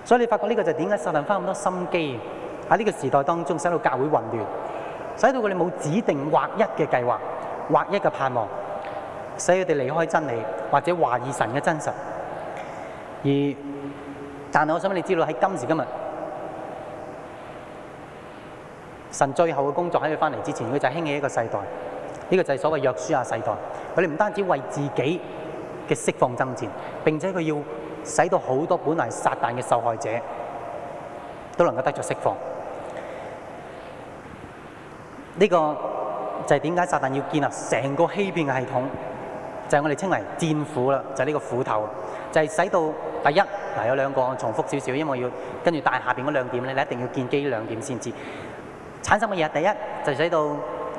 所以你發覺呢個就係點解撒但花咁多心機喺呢個時代當中，使到教會混亂，使到佢哋冇指定劃一嘅計劃、劃一嘅盼望，使佢哋離開真理或者懷疑神嘅真實。而但係，我想畀你知道喺今時今日，神最後嘅工作喺佢翻嚟之前，佢就係興起一個世代，呢個就係所謂約書亞世代。佢哋唔單止為自己嘅釋放爭戰，並且佢要。使到好多本來撒但嘅受害者，都能夠得著釋放。呢個就係點解撒但要建立成個欺騙嘅系統，就係我哋稱為戰斧啦，就係呢個斧頭，就係使到第一，嗱有兩個重複少少，因為要跟住大下邊嗰兩點咧，你一定要見機呢兩點先至產生乜嘢。第一就使到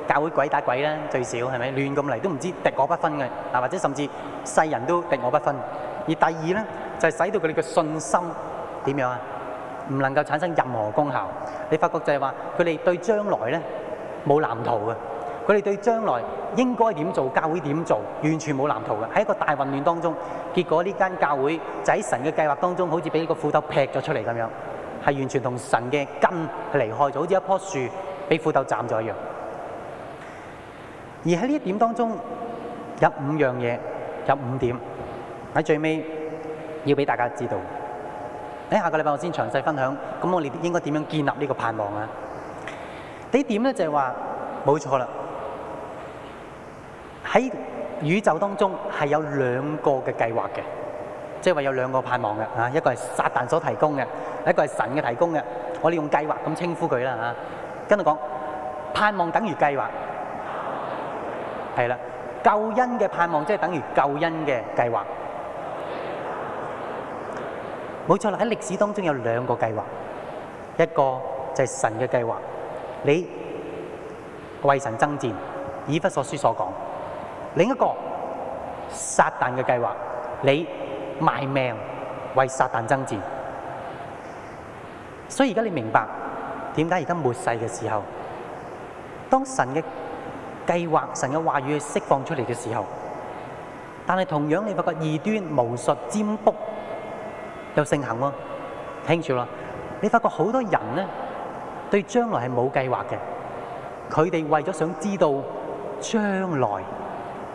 教會鬼打鬼咧，最少係咪亂咁嚟都唔知敵我不分嘅，嗱或者甚至世人都敵我不分。而第二咧。就係使到佢哋嘅信心點樣啊？唔能夠產生任何功效。你發覺就係話，佢哋對將來咧冇藍圖嘅。佢哋對將來應該點做？教會點做？完全冇藍圖嘅。喺一個大混亂當中，結果呢間教會就喺神嘅計劃當中，好似俾呢個斧頭劈咗出嚟咁樣，係完全同神嘅根離開咗，好似一棵樹俾斧頭斬咗一樣。而喺呢一點當中，有五樣嘢，有五點喺最尾。要俾大家知道，喺、哎、下個禮拜我先詳細分享。咁我哋應該點樣建立呢個盼望啊？呢點咧就係話冇錯啦，喺宇宙當中係有兩個嘅計劃嘅，即係話有兩個盼望嘅。一個係撒旦所提供嘅，一個係神嘅提供嘅。我哋用計劃咁稱呼佢啦。跟住講，盼望等於計劃，係啦，救恩嘅盼望即係等於救恩嘅計劃。冇錯啦！喺歷史當中有兩個計劃，一個就係神嘅計劃，你為神爭戰，以弗所書所講；另一個撒但嘅計劃，你賣命為撒但爭戰。所以而家你明白點解而家末世嘅時候，當神嘅計劃、神嘅話語釋放出嚟嘅時候，但係同樣你發覺異端、巫術、占卜，就盛行喎、啊，聽住咯，你發覺好多人咧對將來係冇計劃嘅，佢哋為咗想知道將來，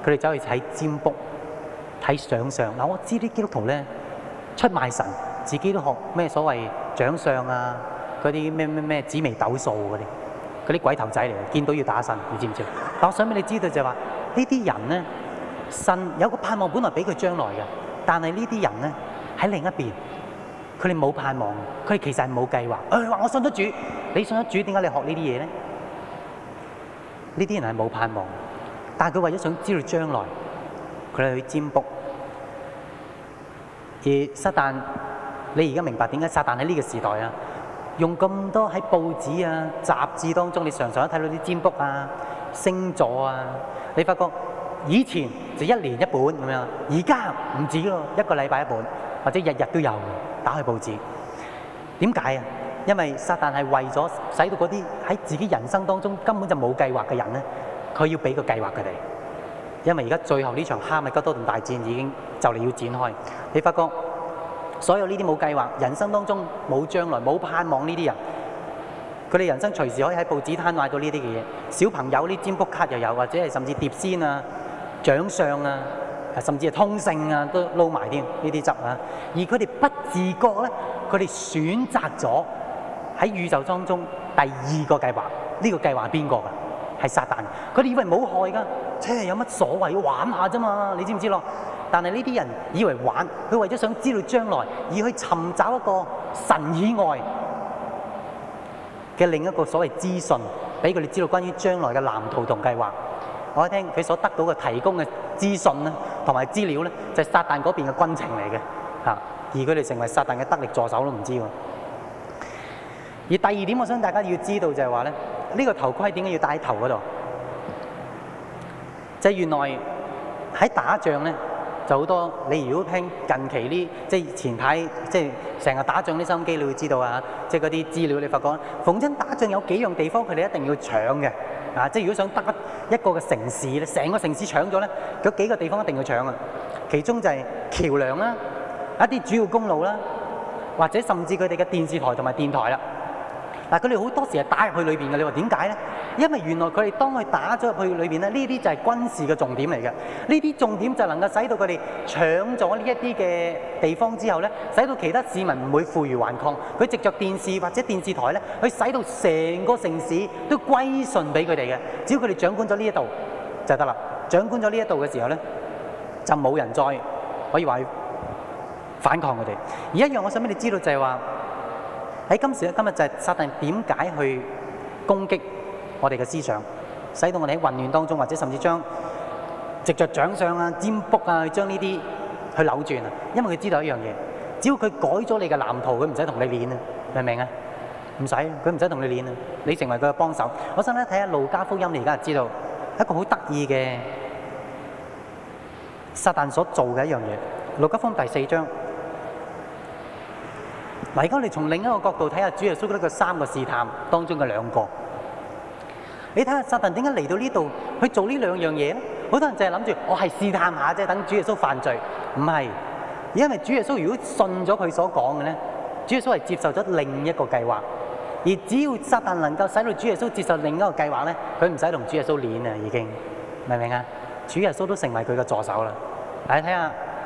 佢哋走去睇占卜、睇掌相。嗱，我知啲基督徒咧出賣神，自己都學咩所謂掌相啊，嗰啲咩咩咩紫微斗數嗰啲，嗰啲鬼頭仔嚟嘅，見到要打神，你知唔知？但我想俾你知道就係、是、話，這些呢啲人咧神有個盼望，本來俾佢將來嘅，但係呢啲人咧。喺另一邊，佢哋冇盼望，佢哋其實係冇計劃。誒話我信得主，你信得主，點解你學呢啲嘢咧？呢啲人係冇盼望，但係佢為咗想知道將來，佢哋去占卜。而撒但，你而家明白點解撒但喺呢個時代啊？用咁多喺報紙啊雜誌當中，你常常都睇到啲占卜啊星座啊。你發覺以前就一年一本咁樣，而家唔止咯，一個禮拜一本。或者日日都有打開報紙，點解啊？因為撒旦係為咗使到嗰啲喺自己人生當中根本就冇計劃嘅人咧，佢要俾個計劃佢哋。因為而家最後呢場哈密吉多頓大戰已經就嚟要展開，你發覺所有呢啲冇計劃、人生當中冇將來、冇盼望呢啲人，佢哋人生隨時可以喺報紙攤買到呢啲嘅嘢。小朋友呢啲占卜卡又有，或者係甚至碟仙啊、掌相啊。甚至係通勝啊，都撈埋添呢啲汁啊！而佢哋不自覺咧，佢哋選擇咗喺宇宙當中第二個計劃。呢個計劃係邊個㗎？係撒旦。佢哋以為冇害㗎，即係、欸、有乜所謂？要玩一下啫嘛！你知唔知咯？但係呢啲人以為玩，佢為咗想知道將來，而去尋找一個神以外嘅另一個所謂資訊，俾佢哋知道關於將來嘅藍圖同計劃。我一聽佢所得到嘅提供嘅資訊咧，同埋資料咧，就係撒旦嗰邊嘅軍情嚟嘅，嚇！而佢哋成為撒旦嘅得力助手都唔知喎。而第二點，我想大家要知道就係話咧，呢個頭盔點解要戴喺頭嗰度？就係原來喺打仗咧，就好多你如果聽近期啲即係前排即係成日打仗啲收音機，你會知道啊！即係嗰啲資料，你發覺逢親打仗有幾樣地方佢哋一定要搶嘅。啊！即係如果想得一個城市，成個城市搶咗咧，有幾個地方一定要搶啊！其中就係橋梁啦，一啲主要公路啦，或者甚至佢哋嘅電視台同埋電台啦。嗱，佢哋好多時係打入去裏邊嘅，你話點解呢？因為原來佢哋當佢打咗入去裏邊咧，呢啲就係軍事嘅重點嚟嘅。呢啲重點就能夠使到佢哋搶咗呢一啲嘅地方之後呢，使到其他市民唔會負隅頑抗。佢藉着電視或者電視台呢，去使到成個城市都歸順俾佢哋嘅。只要佢哋掌管咗呢一度就得啦。掌管咗呢一度嘅時候呢，就冇人再可以話反抗佢哋。而一樣，我想俾你知道就係話。喺今時咧，今日就係撒但點解去攻擊我哋嘅思想，使到我哋喺混亂當中，或者甚至將藉著掌相啊、占卜啊去將呢啲去扭轉啊。因為佢知道一樣嘢，只要佢改咗你嘅藍圖，佢唔使同你練啊，明唔明啊？唔使，佢唔使同你練啊。你成為佢嘅幫手。我想咧睇下路加福音，你而家就知道一個好得意嘅撒但所做嘅一樣嘢。路加福音第四章。嗱，而家我哋從另一個角度睇下，主耶穌嗰啲嘅三個試探當中嘅兩個。你睇下撒但點解嚟到呢度去做呢兩樣嘢咧？好多人淨係諗住，我係試探下，即係，等主耶穌犯罪。唔係，因為主耶穌如果信咗佢所講嘅咧，主耶穌係接受咗另一個計劃。而只要撒但能夠使到主耶穌接受另一個計劃咧，佢唔使同主耶穌攣啊，已經明唔明啊？主耶穌都成為佢嘅助手啦。大家睇下。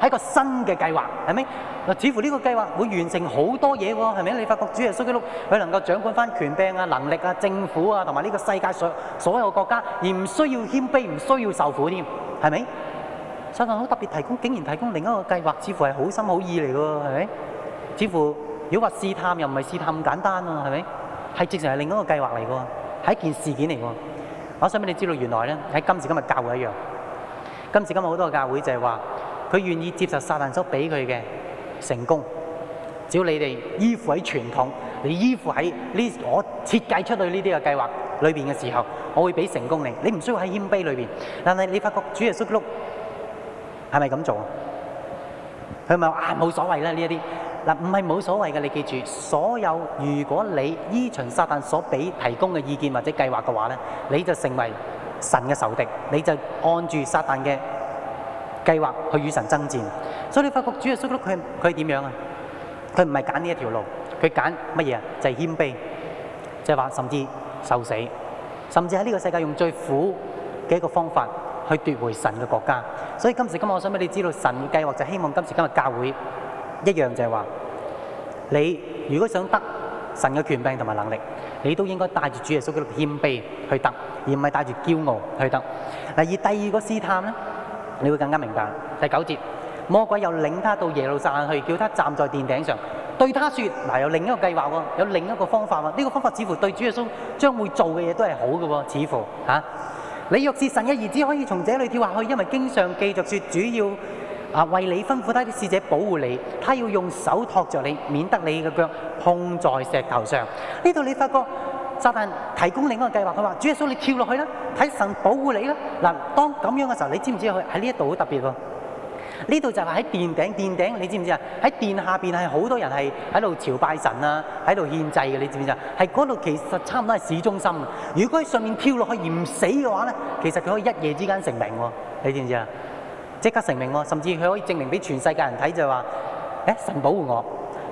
係一個新嘅計劃，係咪？嗱，似乎呢個計劃會完成好多嘢喎，係咪？你發覺主耶穌基督佢能夠掌管翻權柄啊、能力啊、政府啊，同埋呢個世界上所有國家，而唔需要謙卑，唔需要受苦添，係咪？相信好特別提供，竟然提供另一個計劃，似乎係好心好意嚟嘅，係咪？似乎如果話試探又唔係試探咁簡單啊，係咪？係直情係另一個計劃嚟嘅，係一件事件嚟嘅。我想俾你知道，原來咧喺今時今日教會一樣，今時今日好多教會就係話。佢願意接受撒但所俾佢嘅成功，只要你哋依附喺傳統，你依附喺呢我設計出嚟呢啲嘅計劃裏邊嘅時候，我會俾成功你。你唔需要喺謙卑裏邊，但係你發覺主耶穌祿係咪咁做啊？佢咪話冇所謂啦，呢一啲，嗱，唔係冇所謂嘅，你記住，所有如果你依循撒但所俾提供嘅意見或者計劃嘅話咧，你就成為神嘅仇敵，你就按住撒但嘅。計劃去與神爭戰，所以你發覺主耶穌基督佢，佢係點樣啊？佢唔係揀呢一條路，佢揀乜嘢？啊就係謙卑，即係話甚至受死，甚至喺呢個世界用最苦嘅一個方法去奪回神嘅國家。所以今時今日，我想俾你知道神嘅計劃就希望今時今日教會一樣就係話，你如果想得神嘅權柄同埋能力，你都應該帶住主耶穌基督嘅謙卑去得，而唔係帶住驕傲去得。嗱，而第二個試探咧。你會更加明白。第九節，魔鬼又領他到耶路撒冷去，叫他站在殿頂上，對他說：嗱，有另一個計劃喎，有另一個方法喎。呢、這個方法似乎對主耶穌將會做嘅嘢都係好嘅喎，似乎、啊、你若是神嘅兒子，可以從這裏跳下去，因為經上記著說：主要啊為你吩咐他啲使者保護你，他要用手托着你，免得你嘅腳碰在石頭上。呢度你發覺。撒但提供另一個計劃，佢話：主耶穌，你跳落去啦，睇神保護你啦。嗱，當咁樣嘅時候，你知唔知佢喺呢一度好特別喎？呢度就係話喺殿頂，殿頂你知唔知啊？喺殿下邊係好多人係喺度朝拜神啊，喺度獻祭嘅，你知唔知啊？係嗰度其實差唔多係市中心。如果喺上面跳落去而唔死嘅話咧，其實佢可以一夜之間成名喎。你知唔知啊？即刻成名喎，甚至佢可以證明俾全世界人睇就係話：誒、哎，神保護我。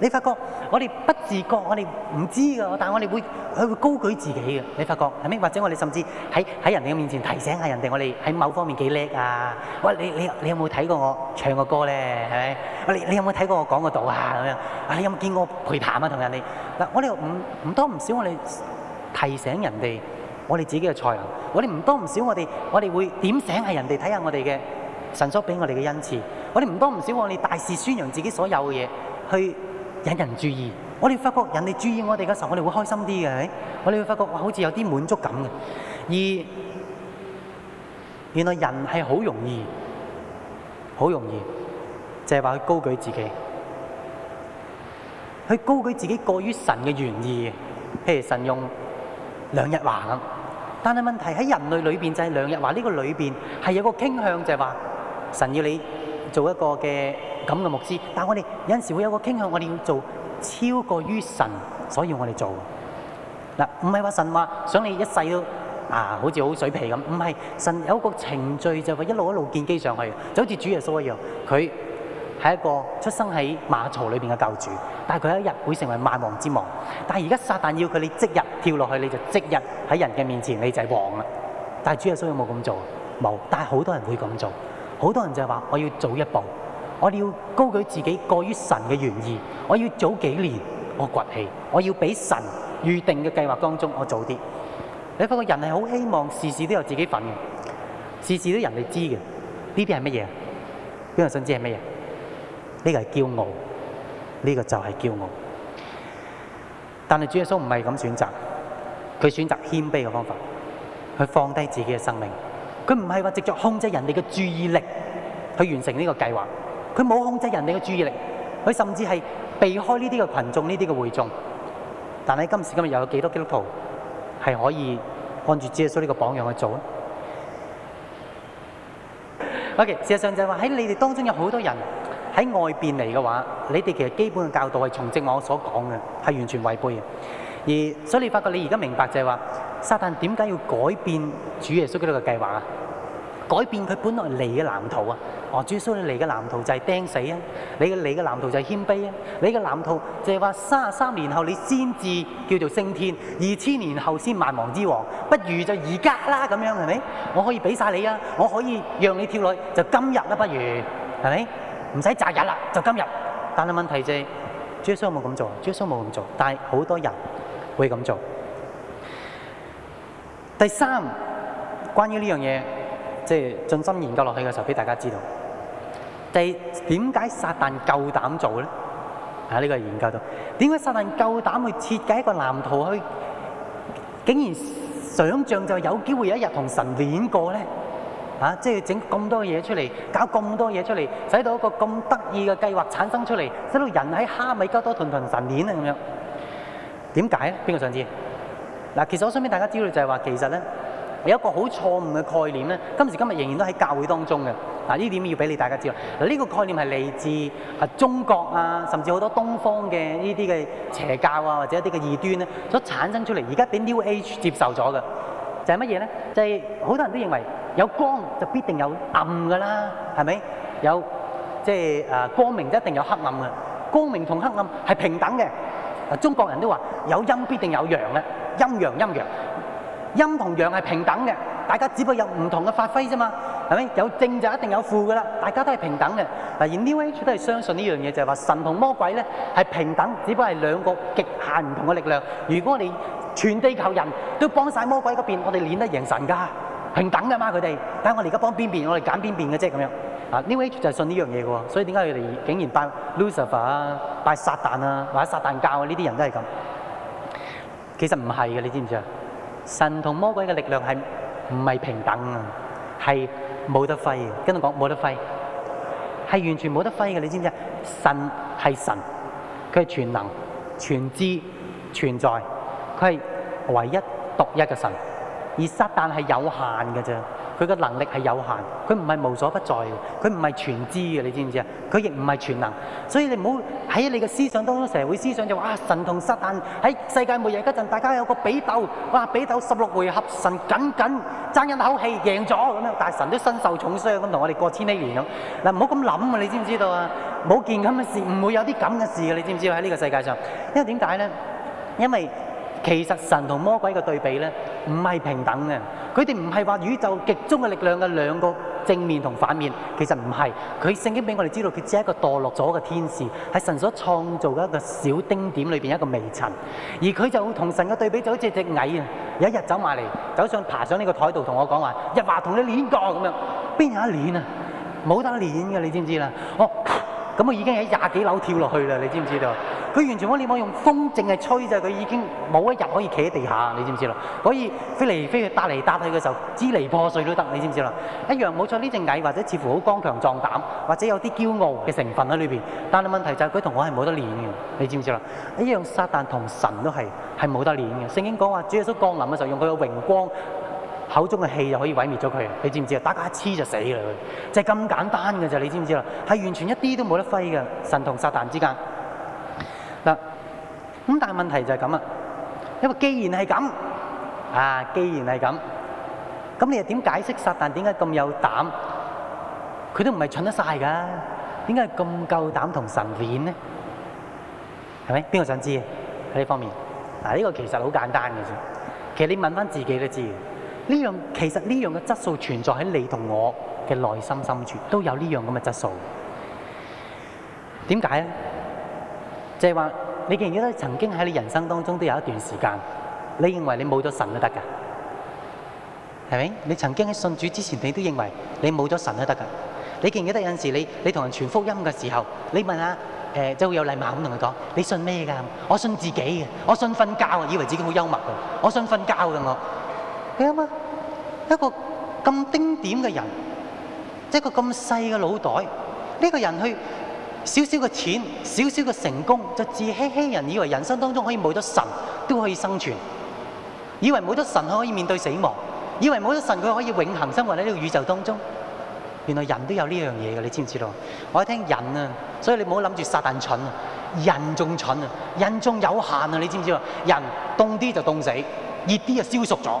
你發覺我哋不自覺，我哋唔知㗎，但係我哋會佢會高舉自己嘅。你發覺係咪？或者我哋甚至喺喺人哋嘅面前提醒下人哋，我哋喺某方面幾叻啊！喂，你你你有冇睇過我唱個歌咧？係咪？喂，你你有冇睇過我講個道啊？咁樣啊？你有冇見過我陪談啊？同人哋嗱，我哋唔唔多唔少，我哋提醒人哋我哋自己嘅才能。我哋唔多唔少，我哋我哋會點醒下人哋睇下我哋嘅神所俾我哋嘅恩賜。我哋唔多唔少，我哋大肆宣揚自己所有嘅嘢去。引人注意，我哋發覺人哋注意我哋嘅時候，我哋會開心啲嘅，我哋會發覺好似有啲滿足感嘅。而原來人係好容易，好容易就係話去高舉自己，去高舉自己過於神嘅原意，譬如神用梁日華咁。但係問題喺人類裏邊就係梁日華呢個裏邊係有個傾向就係話神要你。做一個嘅咁嘅牧師，但我哋有陣時會有個傾向，我哋要做超過於神，所以我哋做嗱，唔係話神話想你一世都啊，好似好水皮咁，唔係神有個程序就係一路一路建基上去，就好似主耶穌一樣，佢係一個出生喺馬槽裏邊嘅教主，但係佢一日會成為萬王之王，但係而家撒但要佢你即日跳落去，你就即日喺人嘅面前你就係王啦，但係主耶穌有冇咁做？冇，但係好多人會咁做。好多人就係話我要早一步，我哋要高舉自己過於神嘅原意，我要早幾年我崛起，我要畀神預定嘅計劃當中我早啲。你發覺人係好希望事事都有自己份嘅，事事都人哋知嘅。呢啲係乜嘢？邊個想知係乜嘢？呢個係驕傲，呢個就係驕傲。但係主耶穌唔係咁選擇，佢選擇謙卑嘅方法，去放低自己嘅生命。佢唔係話直接控制人哋嘅注意力去完成呢個計劃，佢冇控制人哋嘅注意力，佢甚至係避開呢啲嘅群眾、呢啲嘅會眾。但係今時今日又有幾多基督徒係可以按住耶穌呢個榜樣去做咧？OK，事實上就係話喺你哋當中有好多人喺外邊嚟嘅話，你哋其實基本嘅教導係從正我所講嘅，係完全違背嘅。而所以你發覺你而家明白就係話。撒旦點解要改變主耶穌嗰度嘅計劃啊？改變佢本來嚟嘅藍圖啊！哦，主耶穌嚟嘅藍圖就係釘死啊！你嘅嚟嘅藍圖就係謙卑啊！你嘅藍圖就係話三十三年後你先至叫做升天，二千年後先萬王之王，不如就而家啦咁樣係咪？我可以俾晒你啊！我可以讓你跳落就今日啦，不如係咪？唔使擇日啦，就今日，啊。但係問題啫，就係，主耶穌冇咁做，主耶穌冇咁做，但係好多人會咁做。第三，關於呢樣嘢，即係盡心研究落去嘅時候，俾大家知道。第點解撒旦夠膽做咧？啊，呢個研究到點解撒旦夠膽去設計一個藍圖去，竟然想像就有機會有一日同神練過咧？啊，即係整咁多嘢出嚟，搞咁多嘢出嚟，使到一個咁得意嘅計劃產生出嚟，使到人喺哈米吉多屯屯神練啊咁樣。點解咧？邊個想知？嗱，其實我想俾大家知道就係話，其實咧，有一個好錯誤嘅概念咧，今時今日仍然都喺教會當中嘅。嗱，呢點要俾你大家知道。嗱，呢個概念係嚟自啊中國啊，甚至好多東方嘅呢啲嘅邪教啊，或者一啲嘅異端咧，所產生出嚟。而家俾 New Age 接受咗嘅就係乜嘢咧？就係好多人都認為有光就必定有暗㗎啦，係咪？有即係啊光明就一定有黑暗嘅，光明同黑暗係平等嘅。啊，中國人都話有陰必定有陽咧。陰陽陰陽，陰同陽係平等嘅，大家只不過有唔同嘅發揮啫嘛，係咪？有正就一定有負噶啦，大家都係平等嘅。嗱，而 New Age 都係相信呢樣嘢，就係話神同魔鬼咧係平等，只不過係兩個極限唔同嘅力量。如果我哋全地球人都幫晒魔鬼嗰邊，我哋練得贏神噶，平等噶嘛佢哋。但係我哋而家幫邊邊，我哋揀邊邊嘅啫咁樣。啊，New Age 就係信呢樣嘢嘅喎，所以點解佢哋竟然拜 Lucifer 啊、拜撒旦啊，或者撒旦教啊呢啲人都係咁？其實唔係嘅，你知唔知啊？神同魔鬼嘅力量係唔係平等啊？係冇得揮嘅，跟住講冇得揮，係完全冇得揮嘅。你知唔知啊？神係神，佢係全能、全知、全在，佢係唯一、獨一嘅神，而撒旦係有限嘅啫。佢嘅能力係有限，佢唔係無所不在嘅，佢唔係全知嘅，你知唔知啊？佢亦唔係全能，所以你唔好喺你嘅思想當中，社會思想就話神同撒但喺世界末日嗰陣，大家有個比鬥，哇，比鬥十六回合，神緊緊爭一口氣贏咗咁樣，但神都身受重傷咁，同我哋過千禧年咁。嗱，唔好咁諗啊，你知唔知道啊？冇見咁嘅事，唔會有啲咁嘅事嘅，你知唔知啊？喺呢個世界上，因為點解咧？因為其實神同魔鬼嘅對比咧，唔係平等嘅。佢哋唔係話宇宙極中嘅力量嘅兩個正面同反面，其實唔係。佢聖經俾我哋知道，佢只係一個墮落咗嘅天使，係神所創造嘅一個小丁點裏邊一個微塵。而佢就同神嘅對比就好似隻蟻啊！有一日走埋嚟，走上爬上呢個枱度，同我講話：「日華同你練過咁樣，邊有得練啊？冇得練嘅，你知唔知啦？哦！咁我已經喺廿幾樓跳落去啦，你知唔知道？佢完全念我可以可用風淨係吹，就係佢已經冇一日可以企喺地下，你知唔知咯？可以飛嚟飛去，打嚟打去嘅時候，支離破碎都得，你知唔知咯？一樣冇錯，呢隻蟻，或者似乎好剛強壯膽，或者有啲驕傲嘅成分喺裏面。但係問題就係佢同我係冇得連嘅，你知唔知咯？一樣撒旦同神都係冇得連嘅。聖經講話主耶穌降臨嘅時候，用佢嘅榮光。口中嘅氣就可以毀滅咗佢，你知唔知啊？打個一黐就死啦！佢就係咁簡單嘅啫，你知唔知啊？係完全一啲都冇得揮嘅神同撒旦之間嗱。咁但係問題就係咁啊，因為既然係咁啊，既然係咁，咁你又點解釋撒旦點解咁有膽？佢都唔係蠢得曬㗎，點解咁夠膽同神戰呢？係咪？邊個想知喺呢方面嗱？呢個其實好簡單嘅啫，其實你問翻自己都知。呢樣其實呢樣嘅質素存在喺你同我嘅內心深處，都有呢樣咁嘅質素。點解咧？就係話你記唔記得曾經喺你人生當中都有一段時間，你認為你冇咗神都得㗎，係咪？你曾經喺信主之前，你都認為你冇咗神都得㗎。你記唔記得有陣時你你同人傳福音嘅時候，你問下誒就會有禮貌咁同佢講：你信咩㗎？我信自己嘅，我信瞓覺，以為自己好幽默㗎，我信瞓覺嘅我，我。你諗啊，一個咁丁點嘅人，一個咁細嘅腦袋，呢個人去少少嘅錢，少少嘅成功，就自欺欺人，以為人生當中可以冇咗神都可以生存，以為冇咗神可以面對死亡，以為冇咗神佢可以永恒生活喺呢個宇宙當中。原來人都有呢樣嘢嘅，你知唔知道？我一聽人啊，所以你唔好諗住撒旦蠢，人仲蠢啊，人仲有限啊，你知唔知啊？人凍啲就凍死，熱啲就燒熟咗。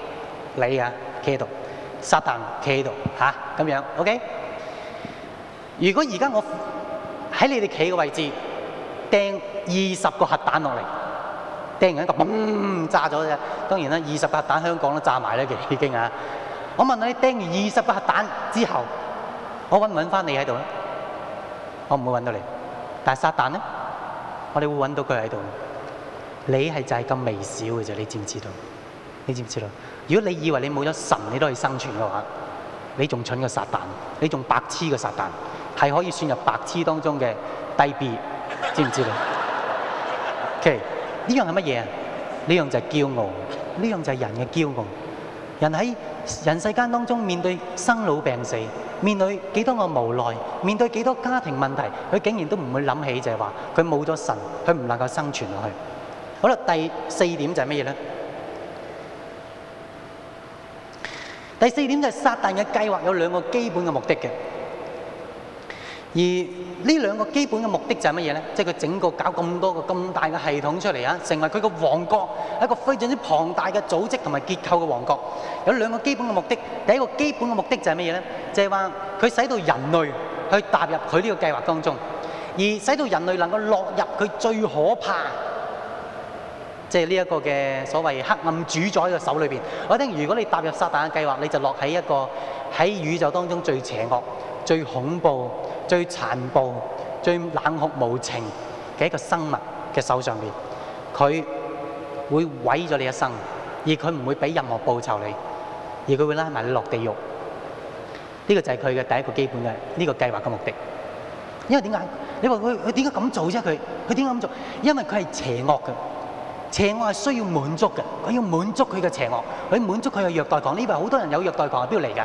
你啊，企喺度；撒旦企喺度，吓、啊，咁樣，OK？如果而家我喺你哋企嘅位置，掟二十個核彈落嚟，掟緊一個嘣炸咗啫。當然啦，二十個核彈香港都炸埋咧，其實已經啊。我問你，掟完二十個核彈之後，我揾唔揾翻你喺度咧？我唔會揾到你，但係撒旦咧，我哋會揾到佢喺度。你係就係咁微小嘅啫，你知唔知道？你知唔知道？如果你以為你冇咗神你都可以生存嘅話，你仲蠢過撒旦，你仲白痴過撒旦，係可以算入白痴當中嘅低 B，知唔知道？OK，呢樣係乜嘢啊？呢樣就係驕傲，呢樣就係人嘅驕傲。人喺人世間當中面對生老病死，面對幾多個無奈，面對幾多家庭問題，佢竟然都唔會諗起就係話佢冇咗神，佢唔能夠生存落去。好啦，第四點就係乜嘢咧？第四點就係撒旦嘅計劃有兩個基本嘅目的嘅，而呢兩個基本嘅目的就係乜嘢呢？即係佢整個搞咁多個咁大嘅系統出嚟，成為佢個王國一個非常之龐大嘅組織同埋結構嘅王國，有兩個基本嘅目的。第一個基本嘅目的就係乜嘢呢？就係話佢使到人類去踏入佢呢個計劃當中，而使到人類能夠落入佢最可怕即係呢一個嘅所謂黑暗主宰嘅手裏邊，我聽如果你踏入撒旦嘅計劃，你就落喺一個喺宇宙當中最邪惡、最恐怖、最殘暴、最冷酷無情嘅一個生物嘅手上邊，佢會毀咗你一生，而佢唔會俾任何報酬你，而佢會拉埋你落地獄。呢、這個就係佢嘅第一個基本嘅呢、這個計劃嘅目的。因為點解？你話佢佢點解咁做啫？佢佢點解咁做？因為佢係邪惡嘅。邪惡係需要滿足嘅，佢要滿足佢嘅邪惡，佢滿足佢嘅虐待狂。呢個好多人有虐待狂喺邊度嚟嘅？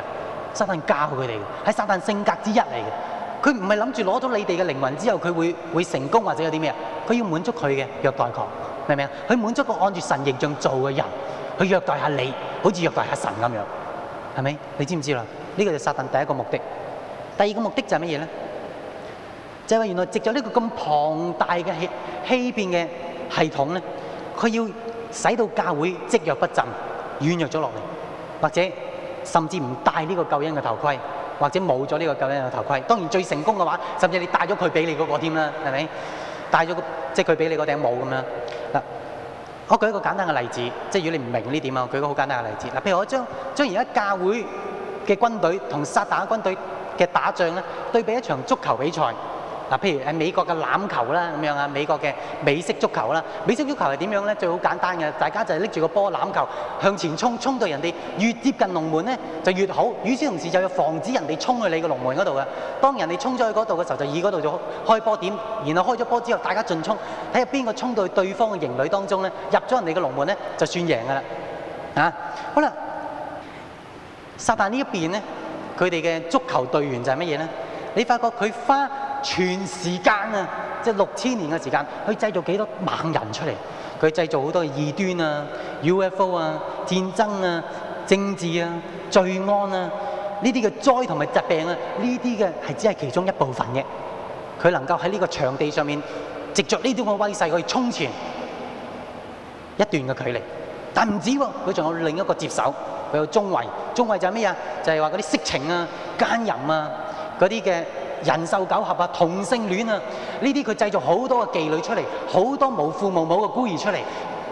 撒旦教佢哋嘅，係撒旦性格之一嚟嘅。佢唔係諗住攞咗你哋嘅靈魂之後，佢會會成功或者有啲咩？佢要滿足佢嘅虐待狂，明唔明啊？佢滿足個按住神形象做嘅人，佢虐待下你，好似虐待下神咁樣，係咪？你知唔知啦？呢個就撒旦第一個目的。第二個目的就係乜嘢咧？就係話原來藉著呢個咁龐大嘅欺騙嘅系統咧。佢要使到教會積弱不振，軟弱咗落嚟，或者甚至唔戴呢個救恩嘅頭盔，或者冇咗呢個救恩嘅頭盔。當然最成功嘅話，甚至你戴咗佢俾你嗰個添啦，係咪？戴咗即係佢俾你嗰頂帽咁樣嗱。我舉一個簡單嘅例子，即係如果你唔明呢點啊，我舉一個好簡單嘅例子嗱。譬如我將將而家教會嘅軍隊同撒但嘅軍隊嘅打仗咧，對比一場足球比賽。嗱，譬如喺美國嘅欖球啦，咁樣啊，美國嘅美式足球啦，美式足球係點樣咧？最好簡單嘅，大家就係拎住個波欖球、籃球向前衝，衝到人哋越接近龍門咧，就越好。與此同時，就要防止人哋衝去你個龍門嗰度嘅。當人哋衝咗去嗰度嘅時候，就以嗰度做開波點，然後開咗波之後，大家進衝睇下邊個衝到對方嘅營壘當中咧，入咗人哋嘅龍門咧，就算贏㗎啦。啊，好啦，撒旦呢一邊咧，佢哋嘅足球隊員就係乜嘢咧？你發覺佢花全時間啊，即係六千年嘅時間，佢製造幾多猛人出嚟？佢製造好多嘅異端啊、UFO 啊、戰爭啊、政治啊、罪案啊，呢啲嘅災同埋疾病啊，呢啲嘅係只係其中一部分嘅。佢能夠喺呢個場地上面，藉着呢啲咁嘅威勢去衝前一段嘅距離。但唔止喎，佢仲有另一個接手，佢有中衛。中衛就係咩啊？就係話嗰啲色情啊、奸淫啊、嗰啲嘅。人獸苟合啊，同性戀啊，呢啲佢製造好多嘅妓女出嚟，好多無父無母嘅孤兒出嚟。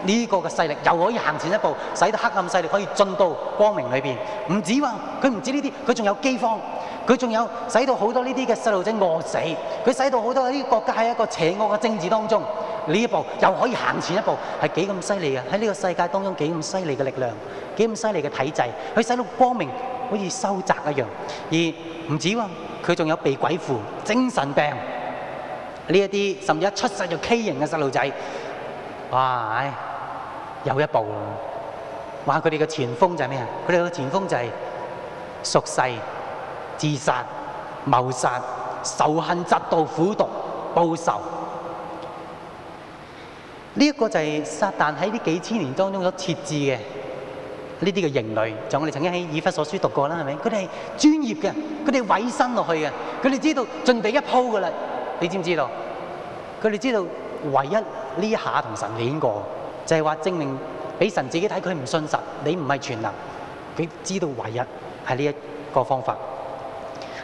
呢個嘅勢力又可以行前一步，使到黑暗勢力可以進到光明裏邊。唔止喎、啊，佢唔止呢啲，佢仲有饑荒，佢仲有使到好多呢啲嘅細路仔餓死，佢使到好多呢啲國家喺一個邪惡嘅政治當中。呢一步又可以行前一步，係幾咁犀利啊！喺呢個世界當中幾咁犀利嘅力量，幾咁犀利嘅體制，佢使到光明好似收窄一樣而。唔止喎、啊，佢仲有被鬼附、精神病呢一啲，甚至一出世就畸形嘅細路仔。哇！哎、有一部，哇！佢哋嘅前鋒就係咩啊？佢哋嘅前鋒就係熟世、自殺、謀殺、仇恨、嫉妒、苦毒、報仇。呢、這、一個就係撒旦喺呢幾千年當中所設置嘅。呢啲嘅營裏就我哋曾經喺以弗所書讀過啦，係咪？佢哋係專業嘅，佢哋委身落去嘅，佢哋知道盡地一鋪嘅啦。你知唔知，知道？佢哋、就是、知道唯一呢下同神攣過，就係話證明俾神自己睇佢唔信實，你唔係全能，佢知道唯一係呢一個方法。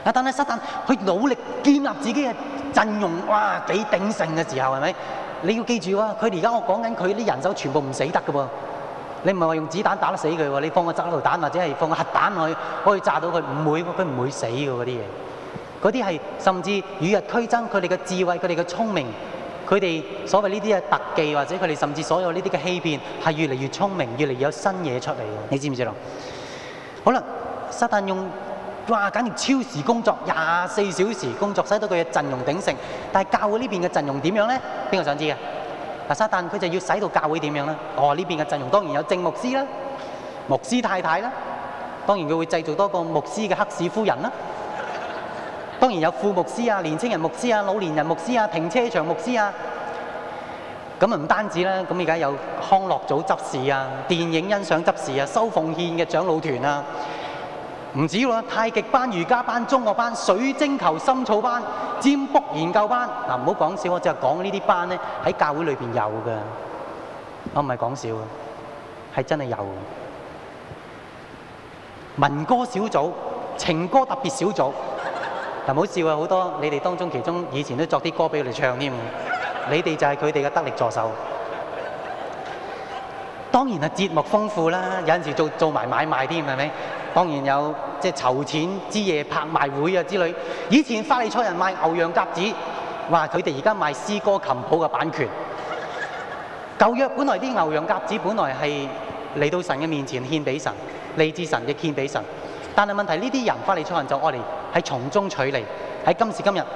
啊！但係撒旦，佢努力建立自己嘅陣容，哇！幾鼎盛嘅時候係咪？你要記住喎，佢哋而家我講緊佢啲人手全部唔死得嘅喎。你唔係話用子彈打得死佢喎，你放個炸彈，彈或者係放個核彈落去，可以炸到佢唔會，佢唔會死嘅嗰啲嘢。嗰啲係甚至與日俱增。佢哋嘅智慧，佢哋嘅聰明，佢哋所謂呢啲嘅特技或者佢哋甚至所有呢啲嘅欺騙，係越嚟越聰明，越嚟越有新嘢出嚟嘅。你知唔知咯？好啦，撒旦用哇，簡直超時工作，廿四小時工作，使到佢嘅陣容鼎盛，但係教會呢邊嘅陣容點樣咧？邊個想知嘅？撒但佢就要使到教會點樣呢？哦，呢邊嘅陣容當然有正牧師啦，牧師太太啦，當然佢會製造多個牧師嘅黑市夫人啦。當然有副牧師啊，年青人牧師啊，老年人牧師啊，停車場牧師啊。咁啊唔單止啦，咁而家有康樂組執事啊，電影欣賞執事啊，收奉獻嘅長老團啊。唔止喎，太極班、瑜伽班、中學班、水晶球深草班、占卜研究班，嗱唔好講笑，我只係講呢啲班咧喺教會裏邊有嘅，我唔係講笑，係真係有的。民歌小組、情歌特別小組，嗱唔好笑啊，好多你哋當中其中以前都作啲歌俾佢哋唱添，你哋就係佢哋嘅得力助手。當然係，節目豐富啦，有陣時做做埋買賣添，係咪？當然有即係籌錢之夜拍賣會啊之類。以前花地錯人賣牛羊鴿子，哇！佢哋而家賣詩歌琴譜嘅版權。舊約本來啲牛羊鴿子本來係嚟到神嘅面前獻俾神，嚟自神亦獻俾神。但係問題呢啲人花地錯人就愛嚟喺從中取利。喺今時今日呢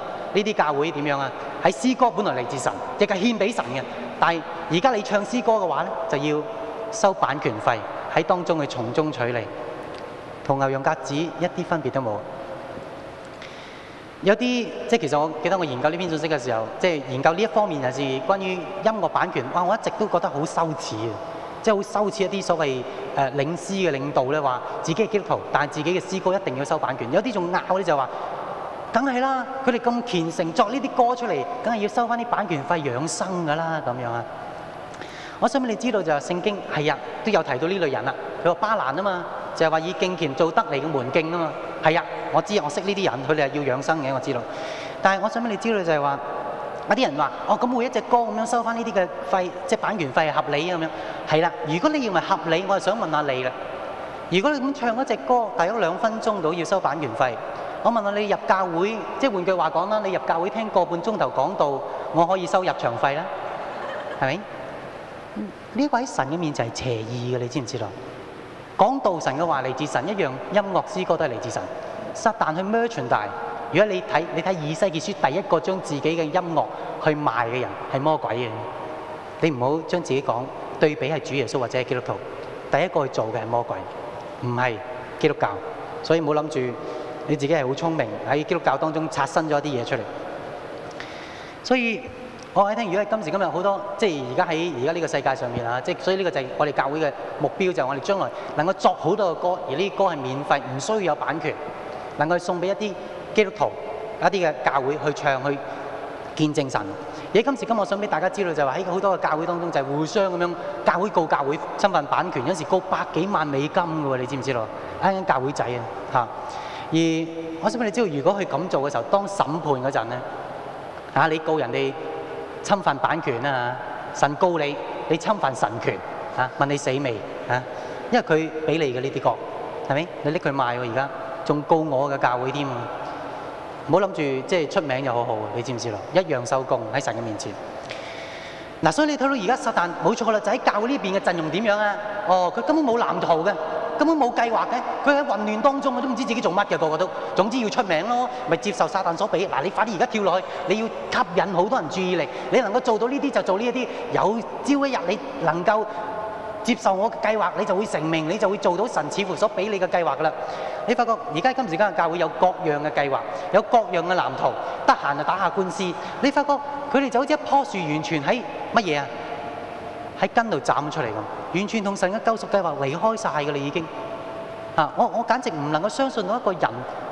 啲教會點樣啊？喺詩歌本來嚟自神，亦係獻俾神嘅。但係而家你唱詩歌嘅話咧，就要收版權費，喺當中去從中取利。同牛羊鴿子一啲分別都冇，有啲即係其實我記得我研究呢篇信息嘅時候，即係研究呢一方面就係關於音樂版權。哇！我一直都覺得好羞恥啊，即係好羞恥一啲所謂誒、呃、領詩嘅領導咧，話自己係基督徒，但係自己嘅詩歌一定要收版權。有啲仲拗咧就話，梗係啦，佢哋咁虔誠作呢啲歌出嚟，梗係要收翻啲版權費養生㗎啦，咁樣啊！我想畀你知道就係聖經係啊，都有提到呢類人啦。佢話巴蘭啊嘛，就係話以敬虔做得嚟嘅門徑啊嘛。係啊，我知啊，我識呢啲人，佢哋係要養生嘅，我知道。但係我想畀你知道就係話有啲人話哦咁，每一隻歌咁樣收翻呢啲嘅費，即係版權費合理啊咁樣。係啦，如果你認為合理，我係想問下你啦。如果你咁唱一隻歌，大約兩分鐘到要收版權費，我問下你，你入教會，即係換句話講啦，你入教會聽個半鐘頭講道，我可以收入場費啦，係咪？呢位神嘅面前係邪意嘅，你知唔知道？講道神嘅話嚟自神一樣，音樂詩歌都係嚟自神。撒旦去 merchandise，如果你睇你睇以西結書第一個將自己嘅音樂去賣嘅人係魔鬼嘅，你唔好將自己講對比係主耶穌或者係基督徒，第一個去做嘅係魔鬼，唔係基督教，所以唔好諗住你自己係好聰明喺基督教當中刷新咗啲嘢出嚟，所以。我喺聽，如果喺今時今日好多，即係而家喺而家呢個世界上面啊，即係所以呢個就係我哋教會嘅目標，就係、是、我哋將來能夠作好多嘅歌，而呢啲歌係免費，唔需要有版權，能夠送俾一啲基督徒、一啲嘅教會去唱，去見證神。而喺今時今日，我想俾大家知道就係喺好多嘅教會當中，就係互相咁樣教會告教會侵犯版權，有時告百幾萬美金嘅喎，你知唔知道？咯、啊？聽緊教會仔啊嚇！而我想俾你知道，如果佢咁做嘅時候，當審判嗰陣咧，啊你告人哋。侵犯版權啦嚇，神告你，你侵犯神權嚇，問你死未嚇？因為佢俾你嘅呢啲歌，係咪？你拎佢賣喎，而家，仲告我嘅教會添，唔好諗住即係出名又好好，你知唔知啦？一樣收工喺神嘅面前。嗱，所以你睇到而家撒但冇錯啦，就喺教會呢邊嘅陣容點樣啊？哦，佢根本冇藍圖嘅。根本冇計劃嘅，佢喺混亂當中，佢都唔知自己做乜嘅，個個都，總之要出名咯，咪接受撒旦所俾。嗱，你快啲而家跳落去，你要吸引好多人注意力，你能夠做到呢啲就做呢啲。有朝一日你能夠接受我嘅計劃，你就會成名，你就會做到神似乎所俾你嘅計劃㗎喇。你發覺而家今時今日教會有各樣嘅計劃，有各樣嘅藍圖，得閒就打下官司。你發覺佢哋就好似一棵樹，完全喺乜嘢？喺根度斬出嚟咁，完全同神嘅救贖計劃離開曬嘅啦，已經啊！我我簡直唔能夠相信到一個人，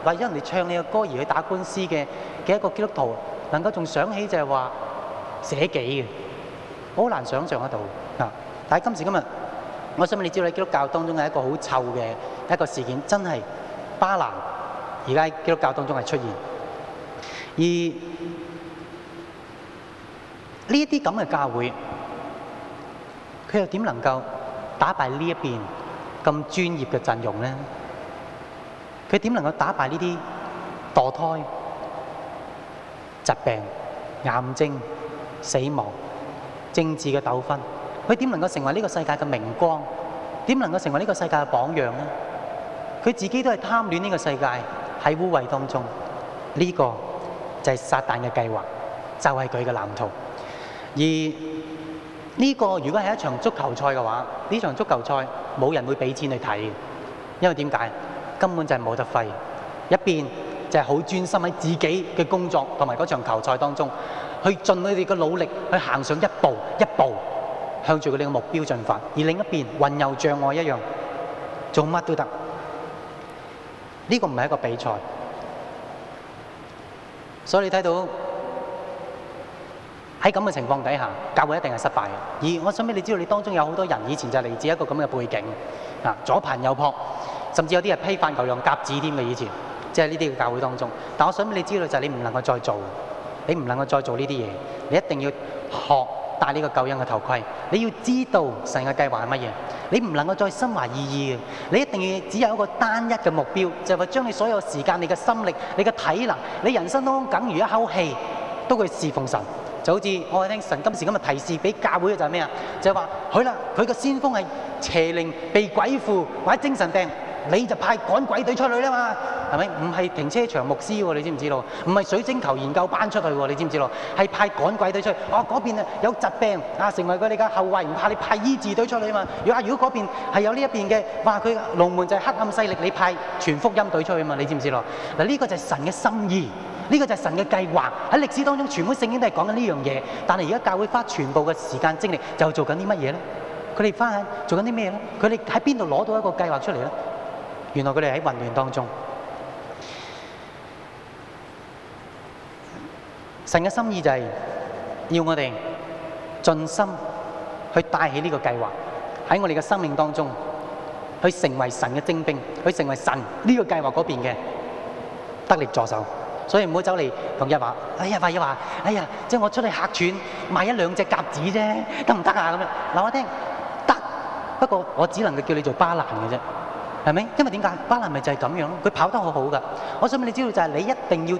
為咗人哋唱你嘅歌而去打官司嘅嘅一個基督徒，能夠仲想起就係話寫幾嘅，好難想像得到啊！但係今時今日，我想問你知道基督教當中係一個好臭嘅一個事件，真係巴蘭而家喺基督教當中係出現，而呢一啲咁嘅教會。佢又點能夠打敗呢一邊咁專業嘅陣容呢？佢點能夠打敗呢啲墮胎、疾病、癌症、死亡、政治嘅糾紛？佢點能夠成為呢個世界嘅明光？點能夠成為呢個世界嘅榜樣呢？佢自己都係貪戀呢個世界喺污穢當中，呢個就係撒旦嘅計劃，就係佢嘅藍圖，而...呢個如果係一場足球賽嘅話，呢場足球賽冇人會俾錢去睇，因為點解？根本就係冇得揮。一邊就係好專心喺自己嘅工作同埋嗰場球賽當中，去盡佢哋嘅努力去行上一步一步，向住佢哋嘅目標進發；而另一邊運遊障礙一樣，做乜都得。呢個唔係一個比賽。所以你睇到。喺咁嘅情況底下，教會一定係失敗嘅。而我想俾你知道，你當中有好多人以前就係嚟自一個咁嘅背景，左盤右撲，甚至有啲人批翻舊帳、夾子添嘅以前，即係呢啲嘅教會當中。但我想俾你知道就係、是、你唔能夠再做，你唔能夠再做呢啲嘢，你一定要學戴呢個救恩嘅頭盔。你要知道神嘅計劃係乜嘢，你唔能夠再心懷二意嘅，你一定要只有一個單一嘅目標，就係、是、將你所有時間、你嘅心力、你嘅體能、你人生當中僅餘一口氣，都會侍奉神。就好似我哋聽神今時今日提示俾教會嘅，就係咩啊？就係話佢啦，佢個先鋒係邪靈、被鬼附或者精神病，你就派趕鬼隊出去啊嘛？係咪？唔係停車場牧師喎，你知唔知咯？唔係水晶球研究班出去喎，你知唔知咯？係派趕鬼隊出去！哦、啊，嗰邊啊有疾病啊，成為佢哋嘅後衛，唔怕你派醫治隊出去啊嘛？如果如果嗰邊係有呢一邊嘅話，佢龍門就係黑暗勢力，你派全福音隊出去啊嘛？你知唔知咯？嗱、啊，呢、這個就係神嘅心意。呢個就係神嘅計劃，喺歷史當中，全部聖經都係講緊呢樣嘢。但係而家教會花全部嘅時間精力，就做緊啲乜嘢咧？佢哋返去做緊啲咩咧？佢哋喺邊度攞到一個計劃出嚟咧？原來佢哋喺混亂當中。神嘅心意就係要我哋盡心去帶起呢個計劃，喺我哋嘅生命當中，去成為神嘅精兵，去成為神呢個計劃嗰邊嘅得力助手。所以唔好走嚟同人話，哎呀，話要話，哎呀，即係我出去客串賣一兩隻鴿子啫，得唔得啊？咁樣，諗下先，得。不過我只能夠叫你做巴蘭嘅啫，係咪？因為點解巴蘭咪就係咁樣咯？佢跑得好好㗎。我想問你知道就係你一定要。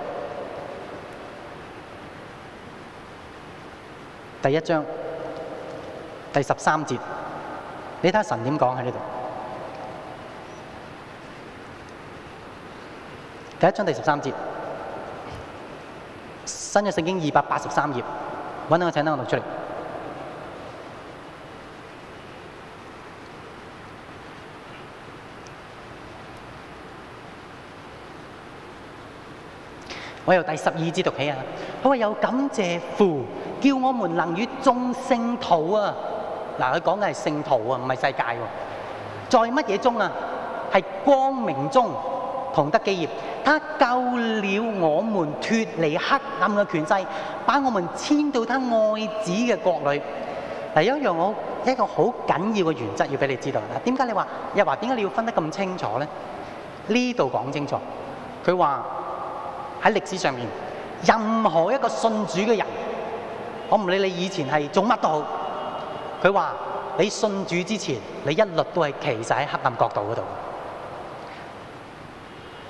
第一章第十三節，你睇下神點講喺呢度。第一章第十三節，新約聖經二百八十三頁，揾到請拎我度出嚟。我由第十二節讀起啊！佢話有感謝父，叫我們能與眾聖徒啊。嗱，佢講嘅係聖徒啊，唔係世界喎。在乜嘢中啊？係光明中同得基業。他救了我們脫離黑暗嘅權勢，把我們遷到他愛子嘅國裏。第一樣我一個好緊要嘅原則要俾你知道。點解你話又話？點解你要分得咁清楚咧？呢度講清楚，佢話。喺歷史上面，任何一個信主嘅人，我唔理你以前係做乜都好，佢話你信主之前，你一律都係企曬喺黑暗角度嗰度，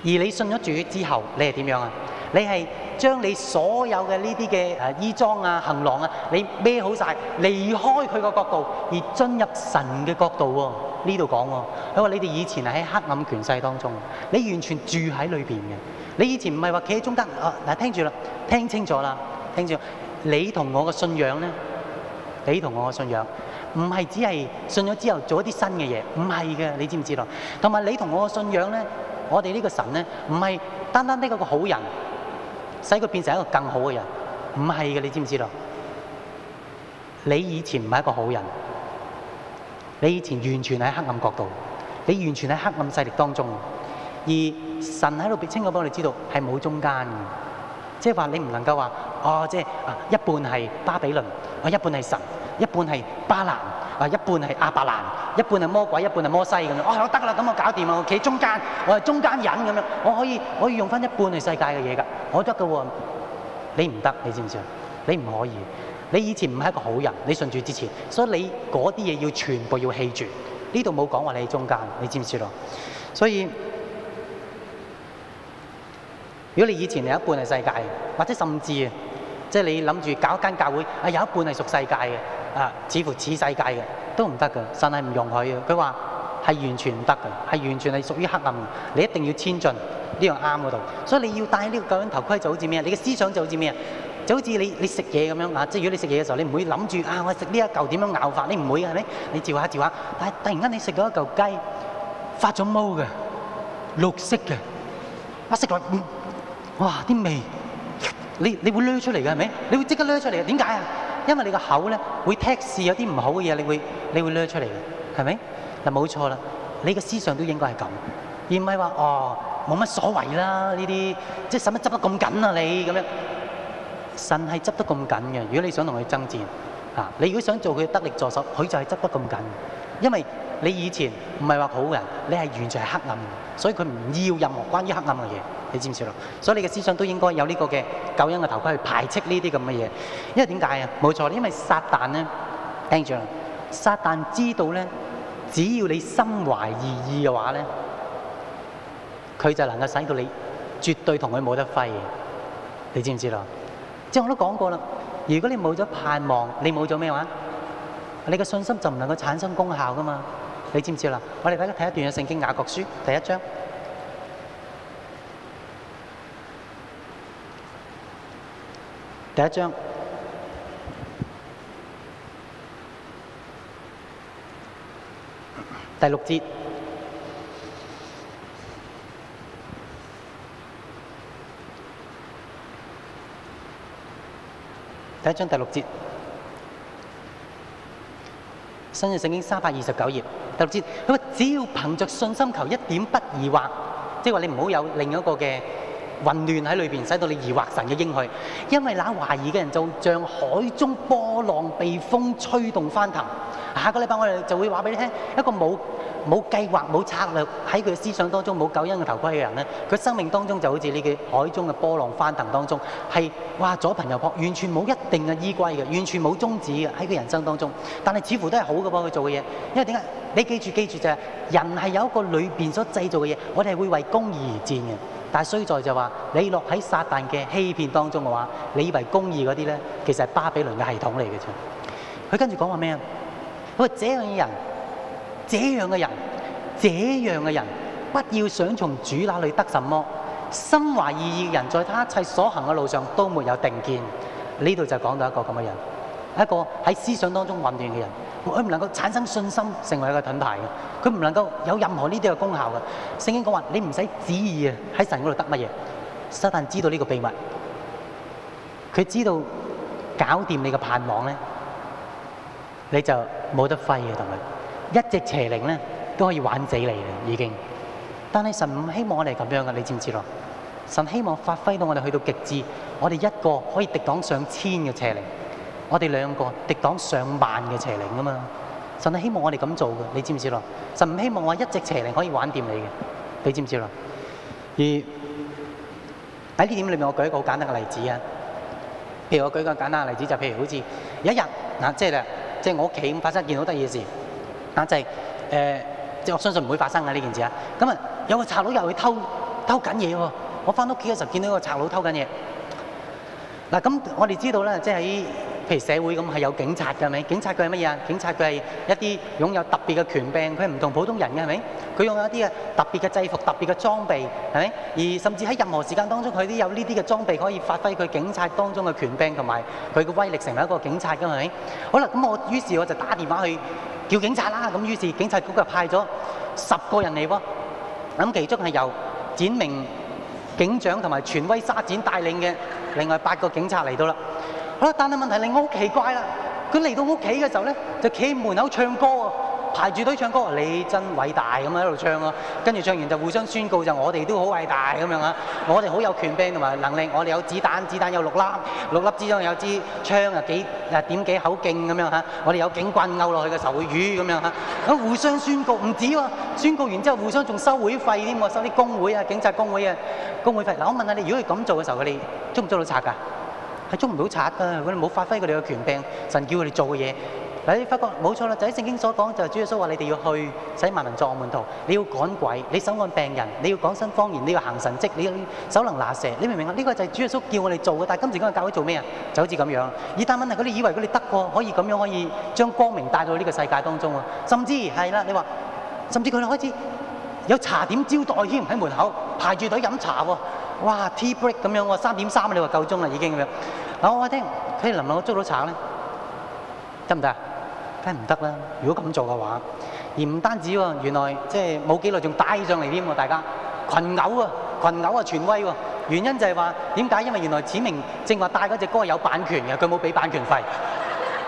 而你信咗主之後，你係點樣啊？你係將你所有嘅呢啲嘅誒衣裝啊、行囊啊，你孭好晒，離開佢個角度，而進入神嘅角度喎、哦。呢度講喎，佢話你哋以前係喺黑暗權勢當中，你完全住喺裏邊嘅。你以前唔係話企喺中間。啊，嗱，聽住啦，聽清楚啦，聽住。你同我嘅信仰咧，你同我嘅信仰唔係只係信咗之後做一啲新嘅嘢，唔係嘅，你知唔知道？同埋你同我嘅信仰咧，我哋呢個神咧，唔係單單得嗰個好人，使佢變成一個更好嘅人，唔係嘅，你知唔知道？你以前唔係一個好人，你以前完全喺黑暗角度，你完全喺黑暗勢力當中。而神喺度講清楚俾我哋知道，係冇中間嘅，即係話你唔能夠話，哦，即係一半係巴比倫，一半係神，一半係巴蘭。啊，一半係亞伯蘭，一半係魔鬼，一半係摩西咁樣。我係我得啦，咁我搞掂啦，我企中間，我係中間人咁樣，我可以，我我我可以，我可以用翻一半係世界嘅嘢噶，我得噶喎。你唔得，你知唔知啊？你唔可以，你以前唔係一個好人，你信主之前，所以你嗰啲嘢要全部要棄絕。呢度冇講話你喺中間，你知唔知道？所以如果你以前有一半係世界，或者甚至即係、就是、你諗住搞一間教會，啊有一半係屬世界嘅。啊！似乎此世界嘅都唔得嘅，甚至唔容許嘅。佢話係完全唔得嘅，係完全係屬於黑暗嘅。你一定要遷進呢樣啱嗰度，所以你要戴呢個救恩頭盔就好似咩？你嘅思想就好似咩？就好似你你食嘢咁樣啊！即係如果你食嘢嘅時候，你唔會諗住啊！我食呢一嚿點樣咬法？你唔會係咪？你嚼下嚼下，但係突然間你食到一嚿雞發咗毛嘅綠色嘅，黑色哇啲味，你你會擸出嚟嘅係咪？你會即刻擸出嚟嘅？點解啊？因為你個口咧會踢視有啲唔好嘅嘢，你會你會掠出嚟嘅，係咪？嗱冇錯啦，你嘅思想都應該係咁，而唔係話哦冇乜所謂啦呢啲，即係使乜執得咁緊啊你咁樣，神係執得咁緊嘅。如果你想同佢爭戰，啊，你如果想做佢嘅得力助手，佢就係執得咁緊。因為你以前唔係話好嘅，你係完全係黑暗嘅，所以佢唔要任何關於黑暗嘅嘢。你知唔知咯？所以你嘅思想都應該有呢個嘅救恩嘅頭盔去排斥呢啲咁嘅嘢。因為點解啊？冇錯，因為撒但咧，聽住啦，撒但知道咧，只要你心懷二意嘅話咧，佢就能夠使到你絕對同佢冇得揮。你知唔知咯？即係我都講過啦。如果你冇咗盼望，你冇咗咩話？你嘅信心就唔能夠產生功效噶嘛。你知唔知啦？我哋而家睇一段嘅聖經雅各書第一章。第一章第六節，第一章第六節，新約聖經三百二十九頁第六節，佢話只要憑着信心求一點不疑惑，即係話你唔好有另一個嘅。混亂喺裏邊，使到你疑惑神嘅應許，因為懶懷疑嘅人就像海中波浪，被風吹動翻騰。下個禮拜我哋就會話俾你聽，一個冇冇計劃、冇策略喺佢嘅思想當中，冇救恩嘅頭盔嘅人咧，佢生命當中就好似呢個海中嘅波浪翻騰當中，係哇左揈右撲，完全冇一定嘅依歸嘅，完全冇宗旨嘅喺佢人生當中。但係似乎都係好嘅噃，佢做嘅嘢，因為點解？你記住，記住就係、是、人係有一個裏邊所製造嘅嘢，我哋係會為公義而戰嘅。但係，衰在就話你落喺撒旦嘅欺騙當中嘅話，你以為公義嗰啲咧，其實係巴比倫嘅系統嚟嘅啫。佢跟住講話咩啊？佢話這樣嘅人、這樣嘅人、這樣嘅人，不要想從主那裏得什麼。心懷二意嘅人，在他一切所行嘅路上，都沒有定見。呢度就講到一個咁嘅人，一個喺思想當中混亂嘅人，佢唔能夠產生信心，成為一個盾牌嘅。佢唔能夠有任何呢啲嘅功效嘅。聖經講話，你唔使旨意啊，喺神嗰度得乜嘢？撒但知道呢個秘密。佢知道搞掂你嘅盼望咧，你就冇得揮嘅同佢。一隻邪靈咧都可以玩死你啦，已經。但係神唔希望我哋咁樣嘅，你知唔知咯？神希望發揮到我哋去到極致，我哋一個可以敵擋上千嘅邪靈，我哋兩個敵擋上萬嘅邪靈啊嘛。神係希望我哋咁做嘅，你知唔知咯？神唔希望我一隻邪靈可以玩掂你嘅，你知唔知咯？而喺呢點裏面，我舉一個好簡單嘅例子啊。譬如我舉個簡單嘅例子，就譬如好似有一日嗱，即係咧，即係我屋企咁發生一件好得意嘅事，嗱就係誒，即係我相信唔會發生嘅呢件事啊。咁啊，有個賊佬入去偷偷緊嘢喎，我翻屋企嘅時候見到個賊佬偷緊嘢。嗱，咁我哋知道咧，即係喺。譬如社會咁係有警察嘅，係咪？警察佢係乜嘢啊？警察佢係一啲擁有特別嘅權柄，佢係唔同普通人嘅，係咪？佢擁有一啲嘅特別嘅制服、特別嘅裝備，係咪？而甚至喺任何時間當中，佢都有呢啲嘅裝備可以發揮佢警察當中嘅權柄同埋佢嘅威力，成為一個警察嘅，係咪？好啦，咁我於是我就打電話去叫警察啦。咁於是警察局就派咗十個人嚟喎，咁其中係由展明警長同埋權威沙展帶領嘅另外八個警察嚟到啦。好，但係問題令我好奇怪啦！佢嚟到屋企嘅時候咧，就企門口唱歌喎，排住隊唱歌，你真偉大咁樣喺度唱咯。跟住唱完就互相宣告，就我哋都好偉大咁樣啊！我哋好有權柄同埋能力，我哋有子彈，子彈有六粒，六粒之中有支槍啊，幾啊點幾口徑咁樣嚇。我哋有警棍勾落去嘅時候會淤咁樣嚇。咁互相宣告唔止喎，宣告完之後互相仲收會費添喎，收啲工會啊、警察工會啊、工會費。嗱，我問下你，如果你咁做嘅時候，佢哋捉唔捉到賊㗎？係捉唔到賊㗎，嗰啲冇發揮佢哋嘅權柄，神叫佢哋做嘅嘢。嗱，你發覺冇錯啦，就喺聖經所講，就係、是、主耶穌話：你哋要去，使萬民作我門徒。你要趕鬼，你手按病人，你要講新方言，你要行神蹟，你要手能拿蛇。你明唔明啊？呢、這個就係主耶穌叫我哋做嘅。但係今時今日教會做咩啊？就好似咁樣，以單問啊！佢哋以為佢哋得過可以咁樣，可以將光明帶到呢個世界當中啊！甚至係啦，你話，甚至佢哋開始有茶點招待添，喺門口排住隊飲茶喎。哇！T break 咁樣喎，三點三你話夠鐘啦已經咁樣。嗱，我話你聽，能唔能夠捉到賊咧，得唔得？梗唔得啦。如果咁做嘅話，而唔單止喎，原來即係冇幾耐仲帶上嚟添喎。大家群毆啊，群毆啊，權威喎，啊。原因就係話點解？因為原來指明正話帶嗰隻歌有版權嘅，佢冇俾版權費，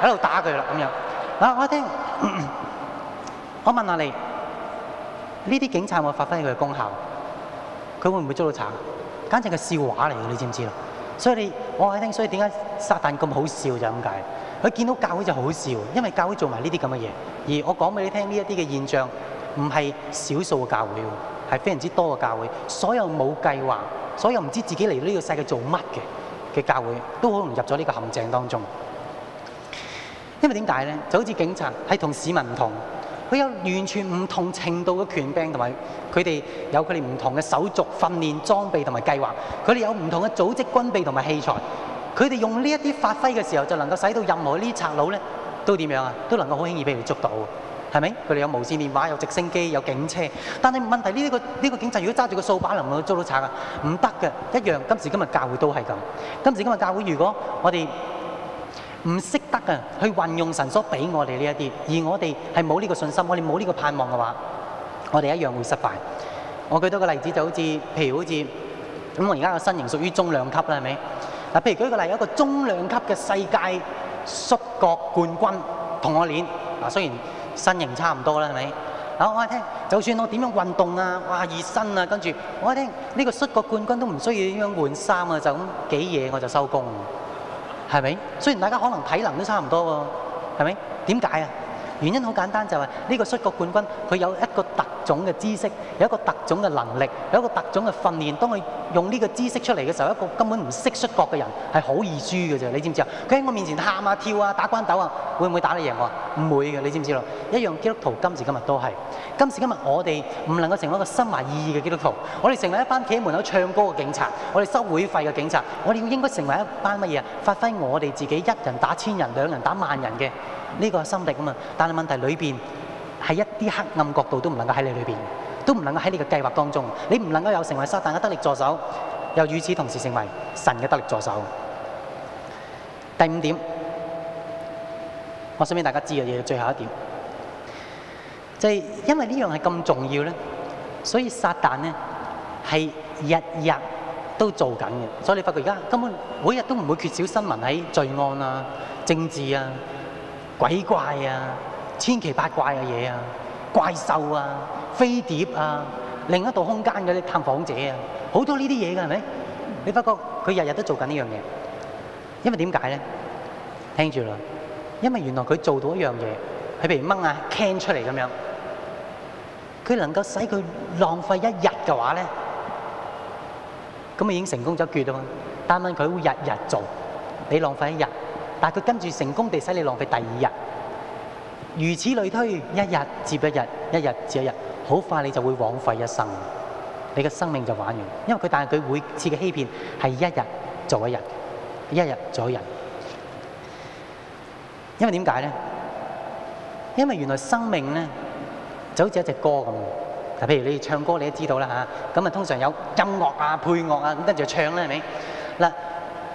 喺度打佢啦咁樣。嗱，我話你聽，我問下你，呢啲警察有冇發揮佢嘅功效，佢會唔會捉到賊？簡直個笑話嚟嘅，你知唔知咯？所以你我話你聽，所以點解撒旦咁好笑就係咁解？佢見到教會就好笑，因為教會做埋呢啲咁嘅嘢。而我講俾你聽，呢一啲嘅現象唔係少數嘅教會，係非常之多嘅教會。所有冇計劃，所有唔知自己嚟到呢個世界做乜嘅嘅教會，都好容易入咗呢個陷阱當中。因為點解呢？就好似警察係同市民唔同。佢有完全唔同程度嘅權柄，他有他不同埋，佢哋有佢哋唔同嘅手續、訓練、裝備同埋計劃。佢哋有唔同嘅組織、軍備同埋器材。佢哋用呢一啲發揮嘅時候，就能夠使到任何這些呢賊佬咧，都點樣啊？都能夠好輕易俾佢捉到，係咪？佢哋有無線電話，有直升機，有警車。但係問題呢啲、這個呢、這個警察，如果揸住個掃把能唔能夠捉到賊啊？唔得嘅，一樣。今時今日教會都係咁。今時今日教會，如果我哋。唔識得啊，去運用神所俾我哋呢一啲，而我哋係冇呢個信心，我哋冇呢個盼望嘅話，我哋一樣會失敗。我舉多個例子就好似，譬如好似咁我而家個身形屬於中量級啦，係咪？嗱，譬如舉個例，有一個中量級嘅世界摔角冠軍同我練，嗱，雖然身形差唔多啦，係咪？嗱，我一聽，就算我點樣運動啊，哇熱身啊，跟住我一聽呢個摔角冠軍都唔需要點樣換衫啊，就咁幾嘢我就收工。係咪？雖然大家可能體能都差唔多喎，係咪？點解啊？原因好簡單，就係呢個摔角冠軍佢有一個特種嘅知識，有一個特種嘅能力，有一個特種嘅訓練。當佢用呢個知識出嚟嘅時候，一個根本唔識摔角嘅人係好易輸嘅啫。你知唔知啊？佢喺我面前喊啊、跳啊、打關鬥啊，會唔會打得贏我啊？唔會嘅，你知唔知咯？一樣基督徒今時今日都係。今時今日我哋唔能夠成為一個深懷意義嘅基督徒，我哋成為一班企喺門口唱歌嘅警察，我哋收會費嘅警察，我哋應該成為一班乜嘢啊？發揮我哋自己一人打千人，兩人打萬人嘅。呢個係心力啊嘛，但係問題裏邊係一啲黑暗角度都唔能夠喺你裏邊，都唔能夠喺你嘅計劃當中。你唔能夠有成為撒但嘅得力助手，又與此同時成為神嘅得力助手。第五點，我想俾大家知嘅嘢最後一點，就係因為呢樣係咁重要咧，所以撒但咧係日日都做緊嘅。所以你發覺而家根本每日都唔會缺少新聞喺罪案啊、政治啊。鬼怪啊，千奇百怪嘅嘢啊，怪獸啊，飛碟啊，另一度空間嗰啲探訪者啊，好多呢啲嘢㗎係咪？你發覺佢日日都做緊呢樣嘢，因為點解咧？聽住啦，因為原來佢做到一樣嘢，佢譬如掹啊 can 出嚟咁樣，佢能夠使佢浪費一日嘅話咧，咁已經成功咗一橛吖嘛。但問佢會日日做，畀你浪費一日。但係佢跟住成功地使你浪費第二日，如此類推，一日接一日，一日接一日，好快你就會枉費一生，你嘅生命就玩完了。因為佢但係佢每次嘅欺騙係一日做一日，一日做一日。因為點解咧？因為原來生命咧就好似一隻歌咁。嗱，譬如你唱歌，你都知道啦吓。咁啊，通常有音樂啊、配樂啊，咁跟住就唱啦，係咪？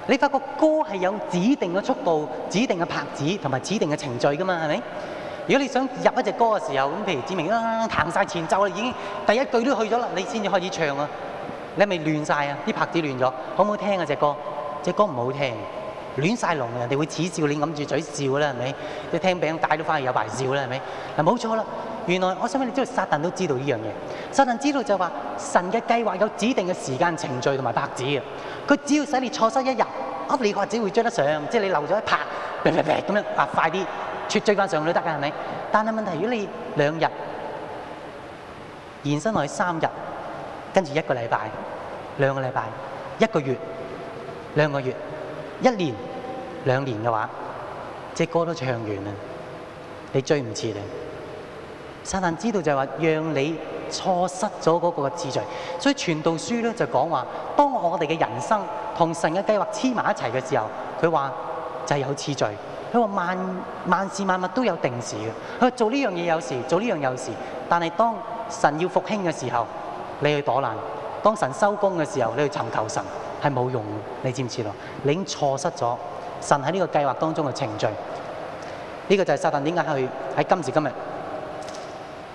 你發覺歌係有指定嘅速度、指定嘅拍子同埋指定嘅程序㗎嘛，係咪？如果你想入一隻歌嘅時候，咁譬如志明啊彈晒前奏啦，已經第一句都去咗啦，你先至開始唱啊，你係咪亂晒啊？啲拍子亂咗，好唔好聽啊？隻歌，隻歌唔好聽，亂晒龍，人哋會恥笑你，揞住嘴笑啦，係咪？你聽餅帶到翻去有排笑啦，係咪？嗱，冇錯啦。原來我想畀你知道撒但都知道呢樣嘢，撒但知道就話神嘅計劃有指定嘅時間程序同埋拍子嘅，佢只要使你錯失一日，我哋個子會追得上，即係你漏咗一拍，咁樣啊快啲追追翻上都得㗎，係咪？但係問題是如果你兩日延伸落去三日，跟住一個禮拜、兩個禮拜、一個月、兩個月、一年、兩年嘅話，隻歌都唱完啦，你追唔切嘅。撒旦知道就係話，讓你錯失咗嗰個嘅次序，所以傳道書咧就講話：當我哋嘅人生同神嘅計劃黐埋一齊嘅時候，佢話就係有次序他說。佢話萬萬事萬物都有定時嘅。佢做呢樣嘢有時，做呢樣有時，但係當神要復興嘅時候，你去躲懶；當神收工嘅時候，你去尋求神係冇用。你知唔知咯？你已經錯失咗神喺呢個計劃當中嘅程序。呢個就係撒旦點解佢喺今時今日，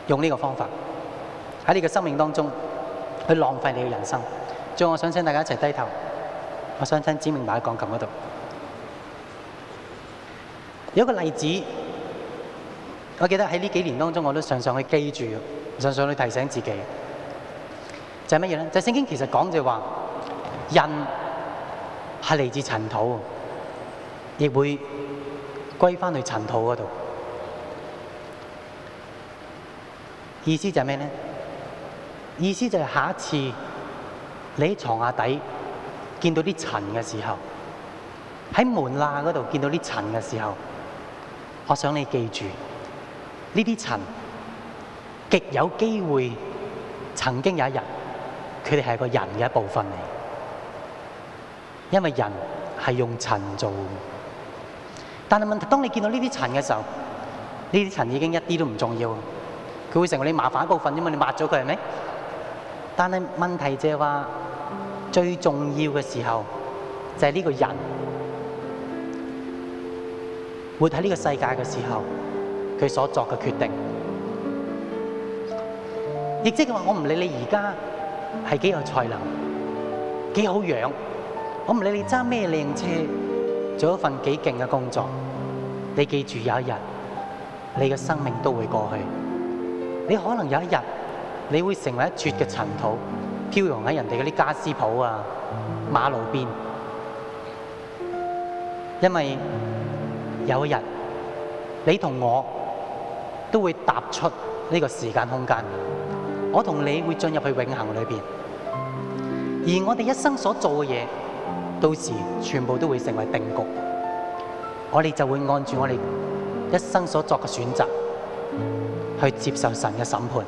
用呢個方法喺你嘅生命當中去浪費你嘅人生，最後我想請大家一齊低頭。我想信指明馬喺鋼琴嗰度有一個例子，我記得喺呢幾年當中，我都常常去記住，常常去提醒自己，就係乜嘢呢？就係、是、聖經其實講就係話，人係嚟自塵土，亦會歸返去塵土嗰度。意思就係咩呢？意思就係下一次你喺床下底見到啲塵嘅時候，喺門罅嗰度見到啲塵嘅時候，我想你記住，呢啲塵極有機會曾經有一日，佢哋係個人嘅一部分嚟，因為人係用塵做的。但係問題，當你見到呢啲塵嘅時候，呢啲塵已經一啲都唔重要了。佢會成為你麻煩一部分啫嘛，你抹咗佢係咩？但係問題就係話，最重要嘅時候就係呢個人活喺呢個世界嘅時候，佢所作嘅決定。亦即係話，我唔理你而家係幾有才能，幾好樣，我唔理你揸咩靚車，做一份幾勁嘅工作，你記住有一日，你嘅生命都會過去。你可能有一日，你會成為一撮嘅塵土，飄揚喺人哋嗰啲家私鋪啊、馬路邊。因為有一日，你同我都會踏出呢個時間空間，我同你會進入去永恆裏邊。而我哋一生所做嘅嘢，到時全部都會成為定局。我哋就會按住我哋一生所作嘅選擇，去接受神嘅審判，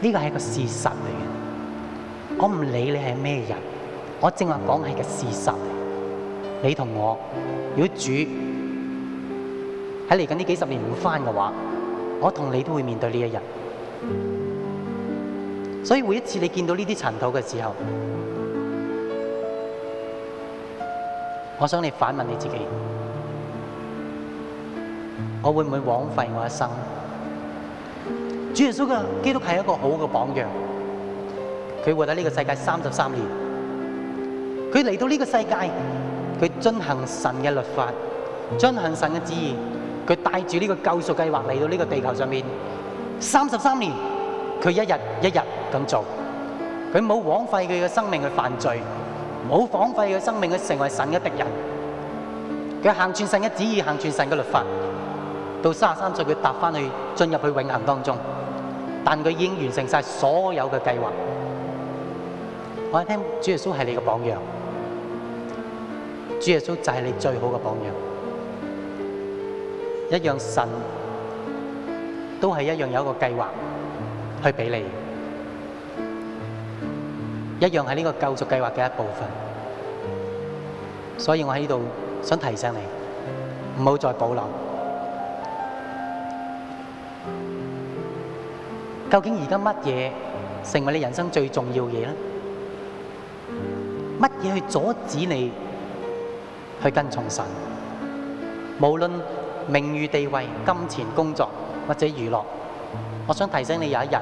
呢個係個事實嚟嘅。我唔理你係咩人，我正話講係個事實嚟。你同我，如果主喺嚟緊呢幾十年唔返嘅話，我同你都會面對呢一日。所以每一次你見到呢啲塵土嘅時候，我想你反問你自己：我會唔會枉費我一生？主耶穌嘅基督係一個好嘅榜樣，佢活喺呢個世界三十三年，佢嚟到呢個世界，佢遵行神嘅律法，遵行神嘅旨意，佢帶住呢個救贖計劃嚟到呢個地球上面，三十三年，佢一日一日咁做，佢冇枉費佢嘅生命去犯罪，冇枉費佢生命去成為神嘅敵人，佢行住神嘅旨意，行住神嘅律法，到三十三歲佢踏翻去進入去永恆當中。但佢已經完成曬所有嘅計劃。我一聽，主耶穌係你嘅榜樣，主耶穌就係你最好嘅榜樣。一樣神都係一樣有一個計劃去俾你，一樣係呢個救贖計劃嘅一部分。所以我喺呢度想提醒你，唔好再保留。究竟而家乜嘢成為你人生最重要嘢呢？乜嘢去阻止你去跟從神？無論名譽、地位、金錢、工作，或者娛樂，我想提醒你有一日，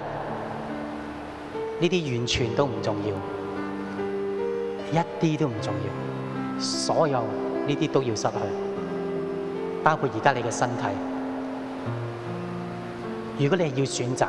呢啲完全都唔重要，一啲都唔重要，所有呢啲都要失去，包括而家你嘅身體。如果你係要選擇。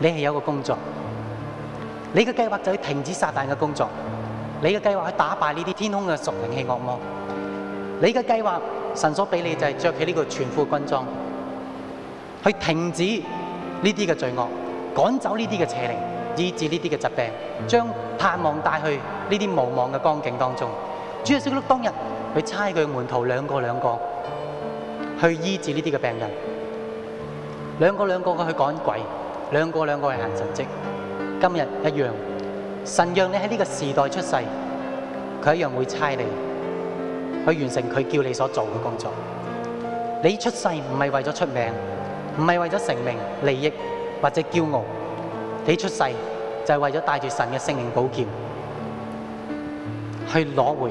你係有個工作，你嘅計劃就係停止撒旦嘅工作，你嘅計劃去打敗呢啲天空嘅屬靈嘅惡魔，你嘅計劃神所俾你就係着起呢個全副軍裝，去停止呢啲嘅罪惡，趕走呢啲嘅邪靈，醫治呢啲嘅疾病，將盼望帶去呢啲無望嘅光景當中。主耶穌基督當日去差佢門徒兩個兩個去醫治呢啲嘅病人，兩個兩個嘅去趕鬼。兩個兩個係行神跡，今日一樣，神讓你喺呢個時代出世，佢一樣會差你去完成佢叫你所做嘅工作。你出世唔係為咗出名，唔係為咗成名、利益或者驕傲。你出世就係為咗帶住神嘅聖靈寶劍，去攞回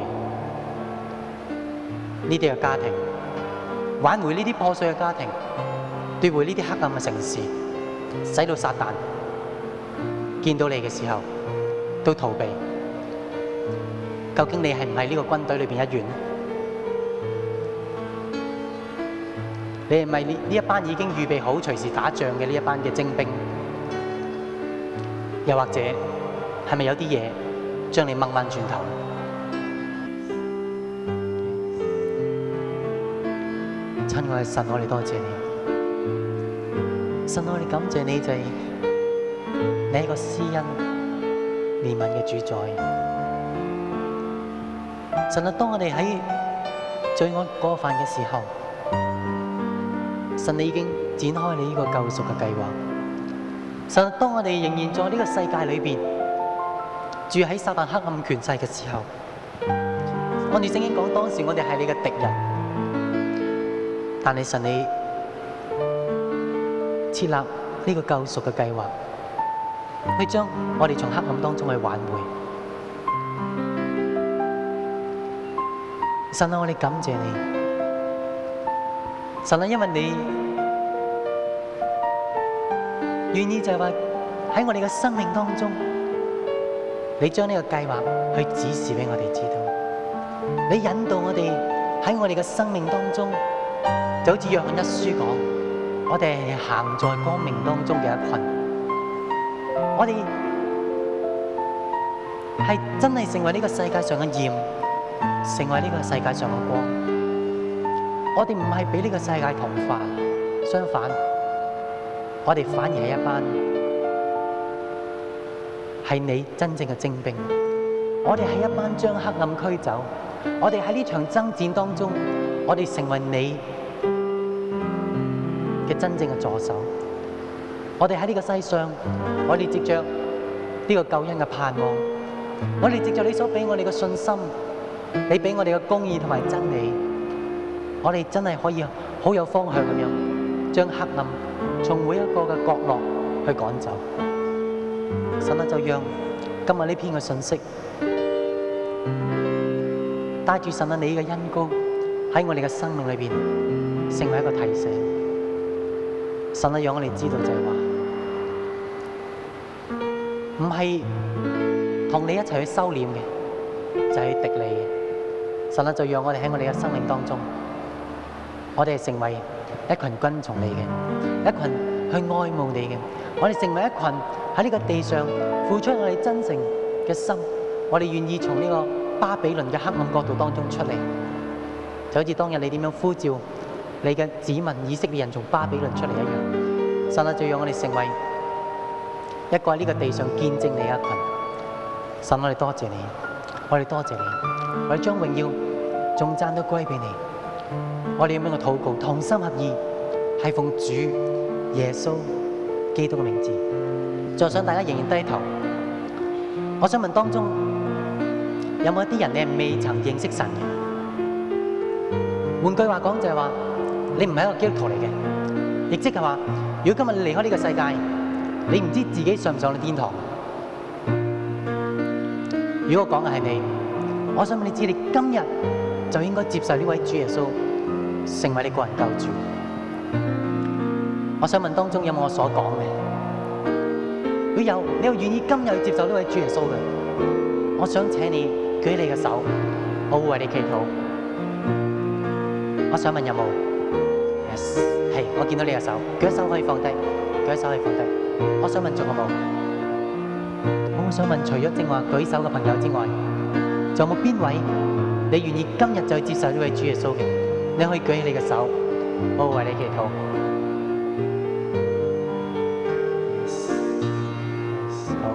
呢啲嘅家庭，挽回呢啲破碎嘅家庭，奪回呢啲黑暗嘅城市。使到撒旦見到你嘅時候都逃避，究竟你係唔係呢個軍隊裏邊一員呢？你係咪呢一班已經預備好隨時打仗嘅呢一班嘅精兵？又或者係咪有啲嘢將你掹翻轉頭？親愛嘅神，我哋多謝你。神我哋感謝你就係，你係個施恩憐憫嘅主宰。神啊，當我哋喺罪惡過犯嘅時候，神你已經展開你呢個救贖嘅計劃。神啊，當我哋仍然在呢個世界裏邊住喺撒旦黑暗權勢嘅時候，按聖經講，當時我哋係你嘅敵人，但係神你。設立呢個救贖嘅計劃，去將我哋從黑暗當中去挽回。神啊，我哋感謝你，神啊，因為你願意就係話喺我哋嘅生命當中，你將呢個計劃去指示俾我哋知道，你引導我哋喺我哋嘅生命當中，就好似約翰一書講。我哋行在光明當中嘅一群，我哋係真係成為呢個世界上嘅鹽，成為呢個世界上嘅光。我哋唔係畀呢個世界同化，相反，我哋反而係一班係你真正嘅精兵。我哋係一班將黑暗驅走，我哋喺呢場爭戰當中，我哋成為你嘅真正嘅助手，我哋喺呢個世上，我哋藉着呢個救恩嘅盼望，我哋藉着你所俾我哋嘅信心，你俾我哋嘅公義同埋真理，我哋真係可以好有方向咁樣，將黑暗從每一個嘅角落去趕走。神啊，就讓今日呢篇嘅信息，帶住神啊你嘅恩膏喺我哋嘅生命裏邊，成為一個提醒。神啊，讓我哋知道就係話，唔係同你一齊去修煉嘅，就係敵你嘅。神啊，就讓我哋喺我哋嘅生命當中，我哋係成為一群跟從你嘅，一群去愛慕你嘅。我哋成為一群喺呢個地上付出我哋真誠嘅心，我哋願意從呢個巴比倫嘅黑暗角度當中出嚟，就好似當日你點樣呼召。你嘅子民以色列人從巴比倫出嚟一樣，神啊，就讓我哋成為一個喺呢個地上見證你嘅一群。神、啊，我哋多謝你，我哋多謝你，我哋將榮耀仲讚都歸俾你。我哋要呢個禱告，同心合意，係奉主耶穌基督嘅名字。再想大家仍然低頭。我想問當中有冇一啲人你係未曾認識神嘅？換句話講就係話。你唔係一個基督徒嚟嘅，亦即係話，如果今日你離開呢個世界，你唔知自己上唔上到天堂。如果我講嘅係你，我想問你知，你今日就應該接受呢位主耶穌，成為你個人救主。我想問當中有冇我所講嘅？如果有，你又願意今日去接受呢位主耶穌嘅？我想請你舉起你嘅手，我會為你祈禱。我想問有冇？係，我見到你嘅手，舉手可以放低，舉手可以放低。我想問仲有冇，我好想問，除咗正話舉手嘅朋友之外，仲有冇邊位你願意今日再接受呢位主耶穌嘅？你可以舉起你嘅手，我會為你祈禱。好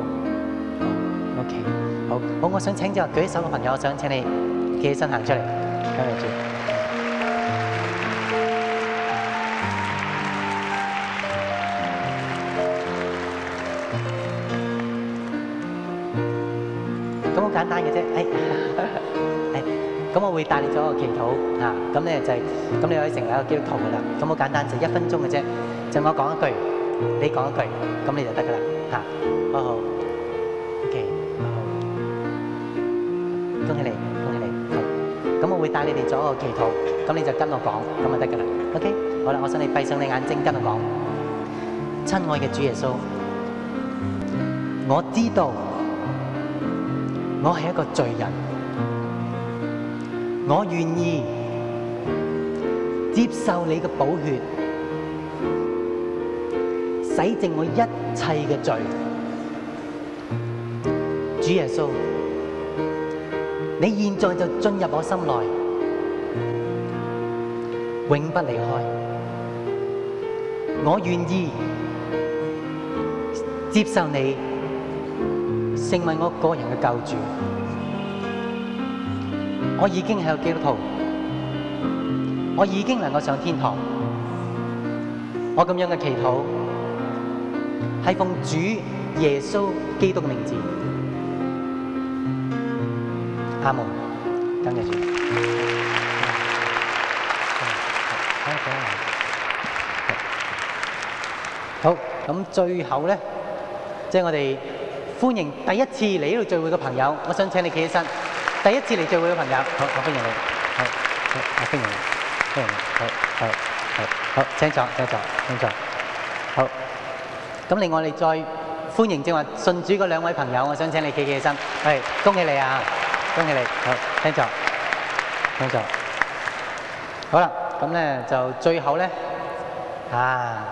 ，OK，好好，我想請就舉手嘅朋友，我想請你企起身行出嚟，跟住。會帶你做一個祈禱啊！咁咧就係，咁你可以成為一個基督徒噶啦。咁好簡單，就一分鐘嘅啫。就我講一句，你講一句，咁你就得噶啦。吓，好，OK，好，恭喜你，恭喜你。咁我會帶你哋做一個祈禱，咁你就跟我講，咁就得噶啦。OK，好啦，我想你閉上你眼睛，跟我講：親愛嘅主耶穌，我知道我係一個罪人。我願意接受你嘅寶血，洗淨我一切嘅罪。主耶穌，你現在就進入我心內，永不離開。我願意接受你，成為我個人嘅救主。我已經係個基督徒，我已經能夠上天堂。我咁樣嘅祈禱係奉主耶穌基督嘅名字。阿門，感謝主。好，咁，最後咧，即係我哋歡迎第一次嚟呢度聚會嘅朋友，我想請你企起身。第一次嚟聚會嘅朋友，好，我歡迎你。好，好，歡迎你，歡迎你。好，係，係，好，請坐，請坐，請坐。好，咁另外我哋再歡迎正話信主嘅兩位朋友，我想請你企起身。係，恭喜你啊，恭喜你。好，請坐，請坐。好啦，咁咧就最後咧，啊，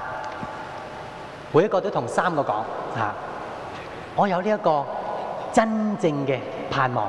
每一個都同三個講啊，我有呢一個真正嘅盼望。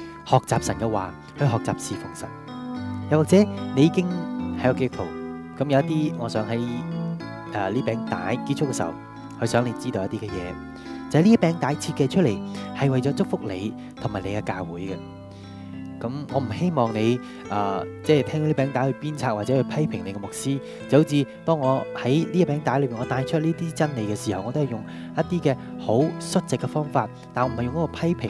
學習神嘅話，去學習侍奉神。又或者你已經喺個教會，咁有一啲，我想喺誒呢餅帶結束嘅時候，去想你知道一啲嘅嘢，就係呢一餅帶設計出嚟係為咗祝福你同埋你嘅教會嘅。咁我唔希望你誒、呃、即係聽到呢餅帶去鞭策或者去批評你嘅牧師，就好似當我喺呢一餅帶裏邊，我帶出呢啲真理嘅時候，我都係用一啲嘅好率直嘅方法，但我唔係用嗰個批評。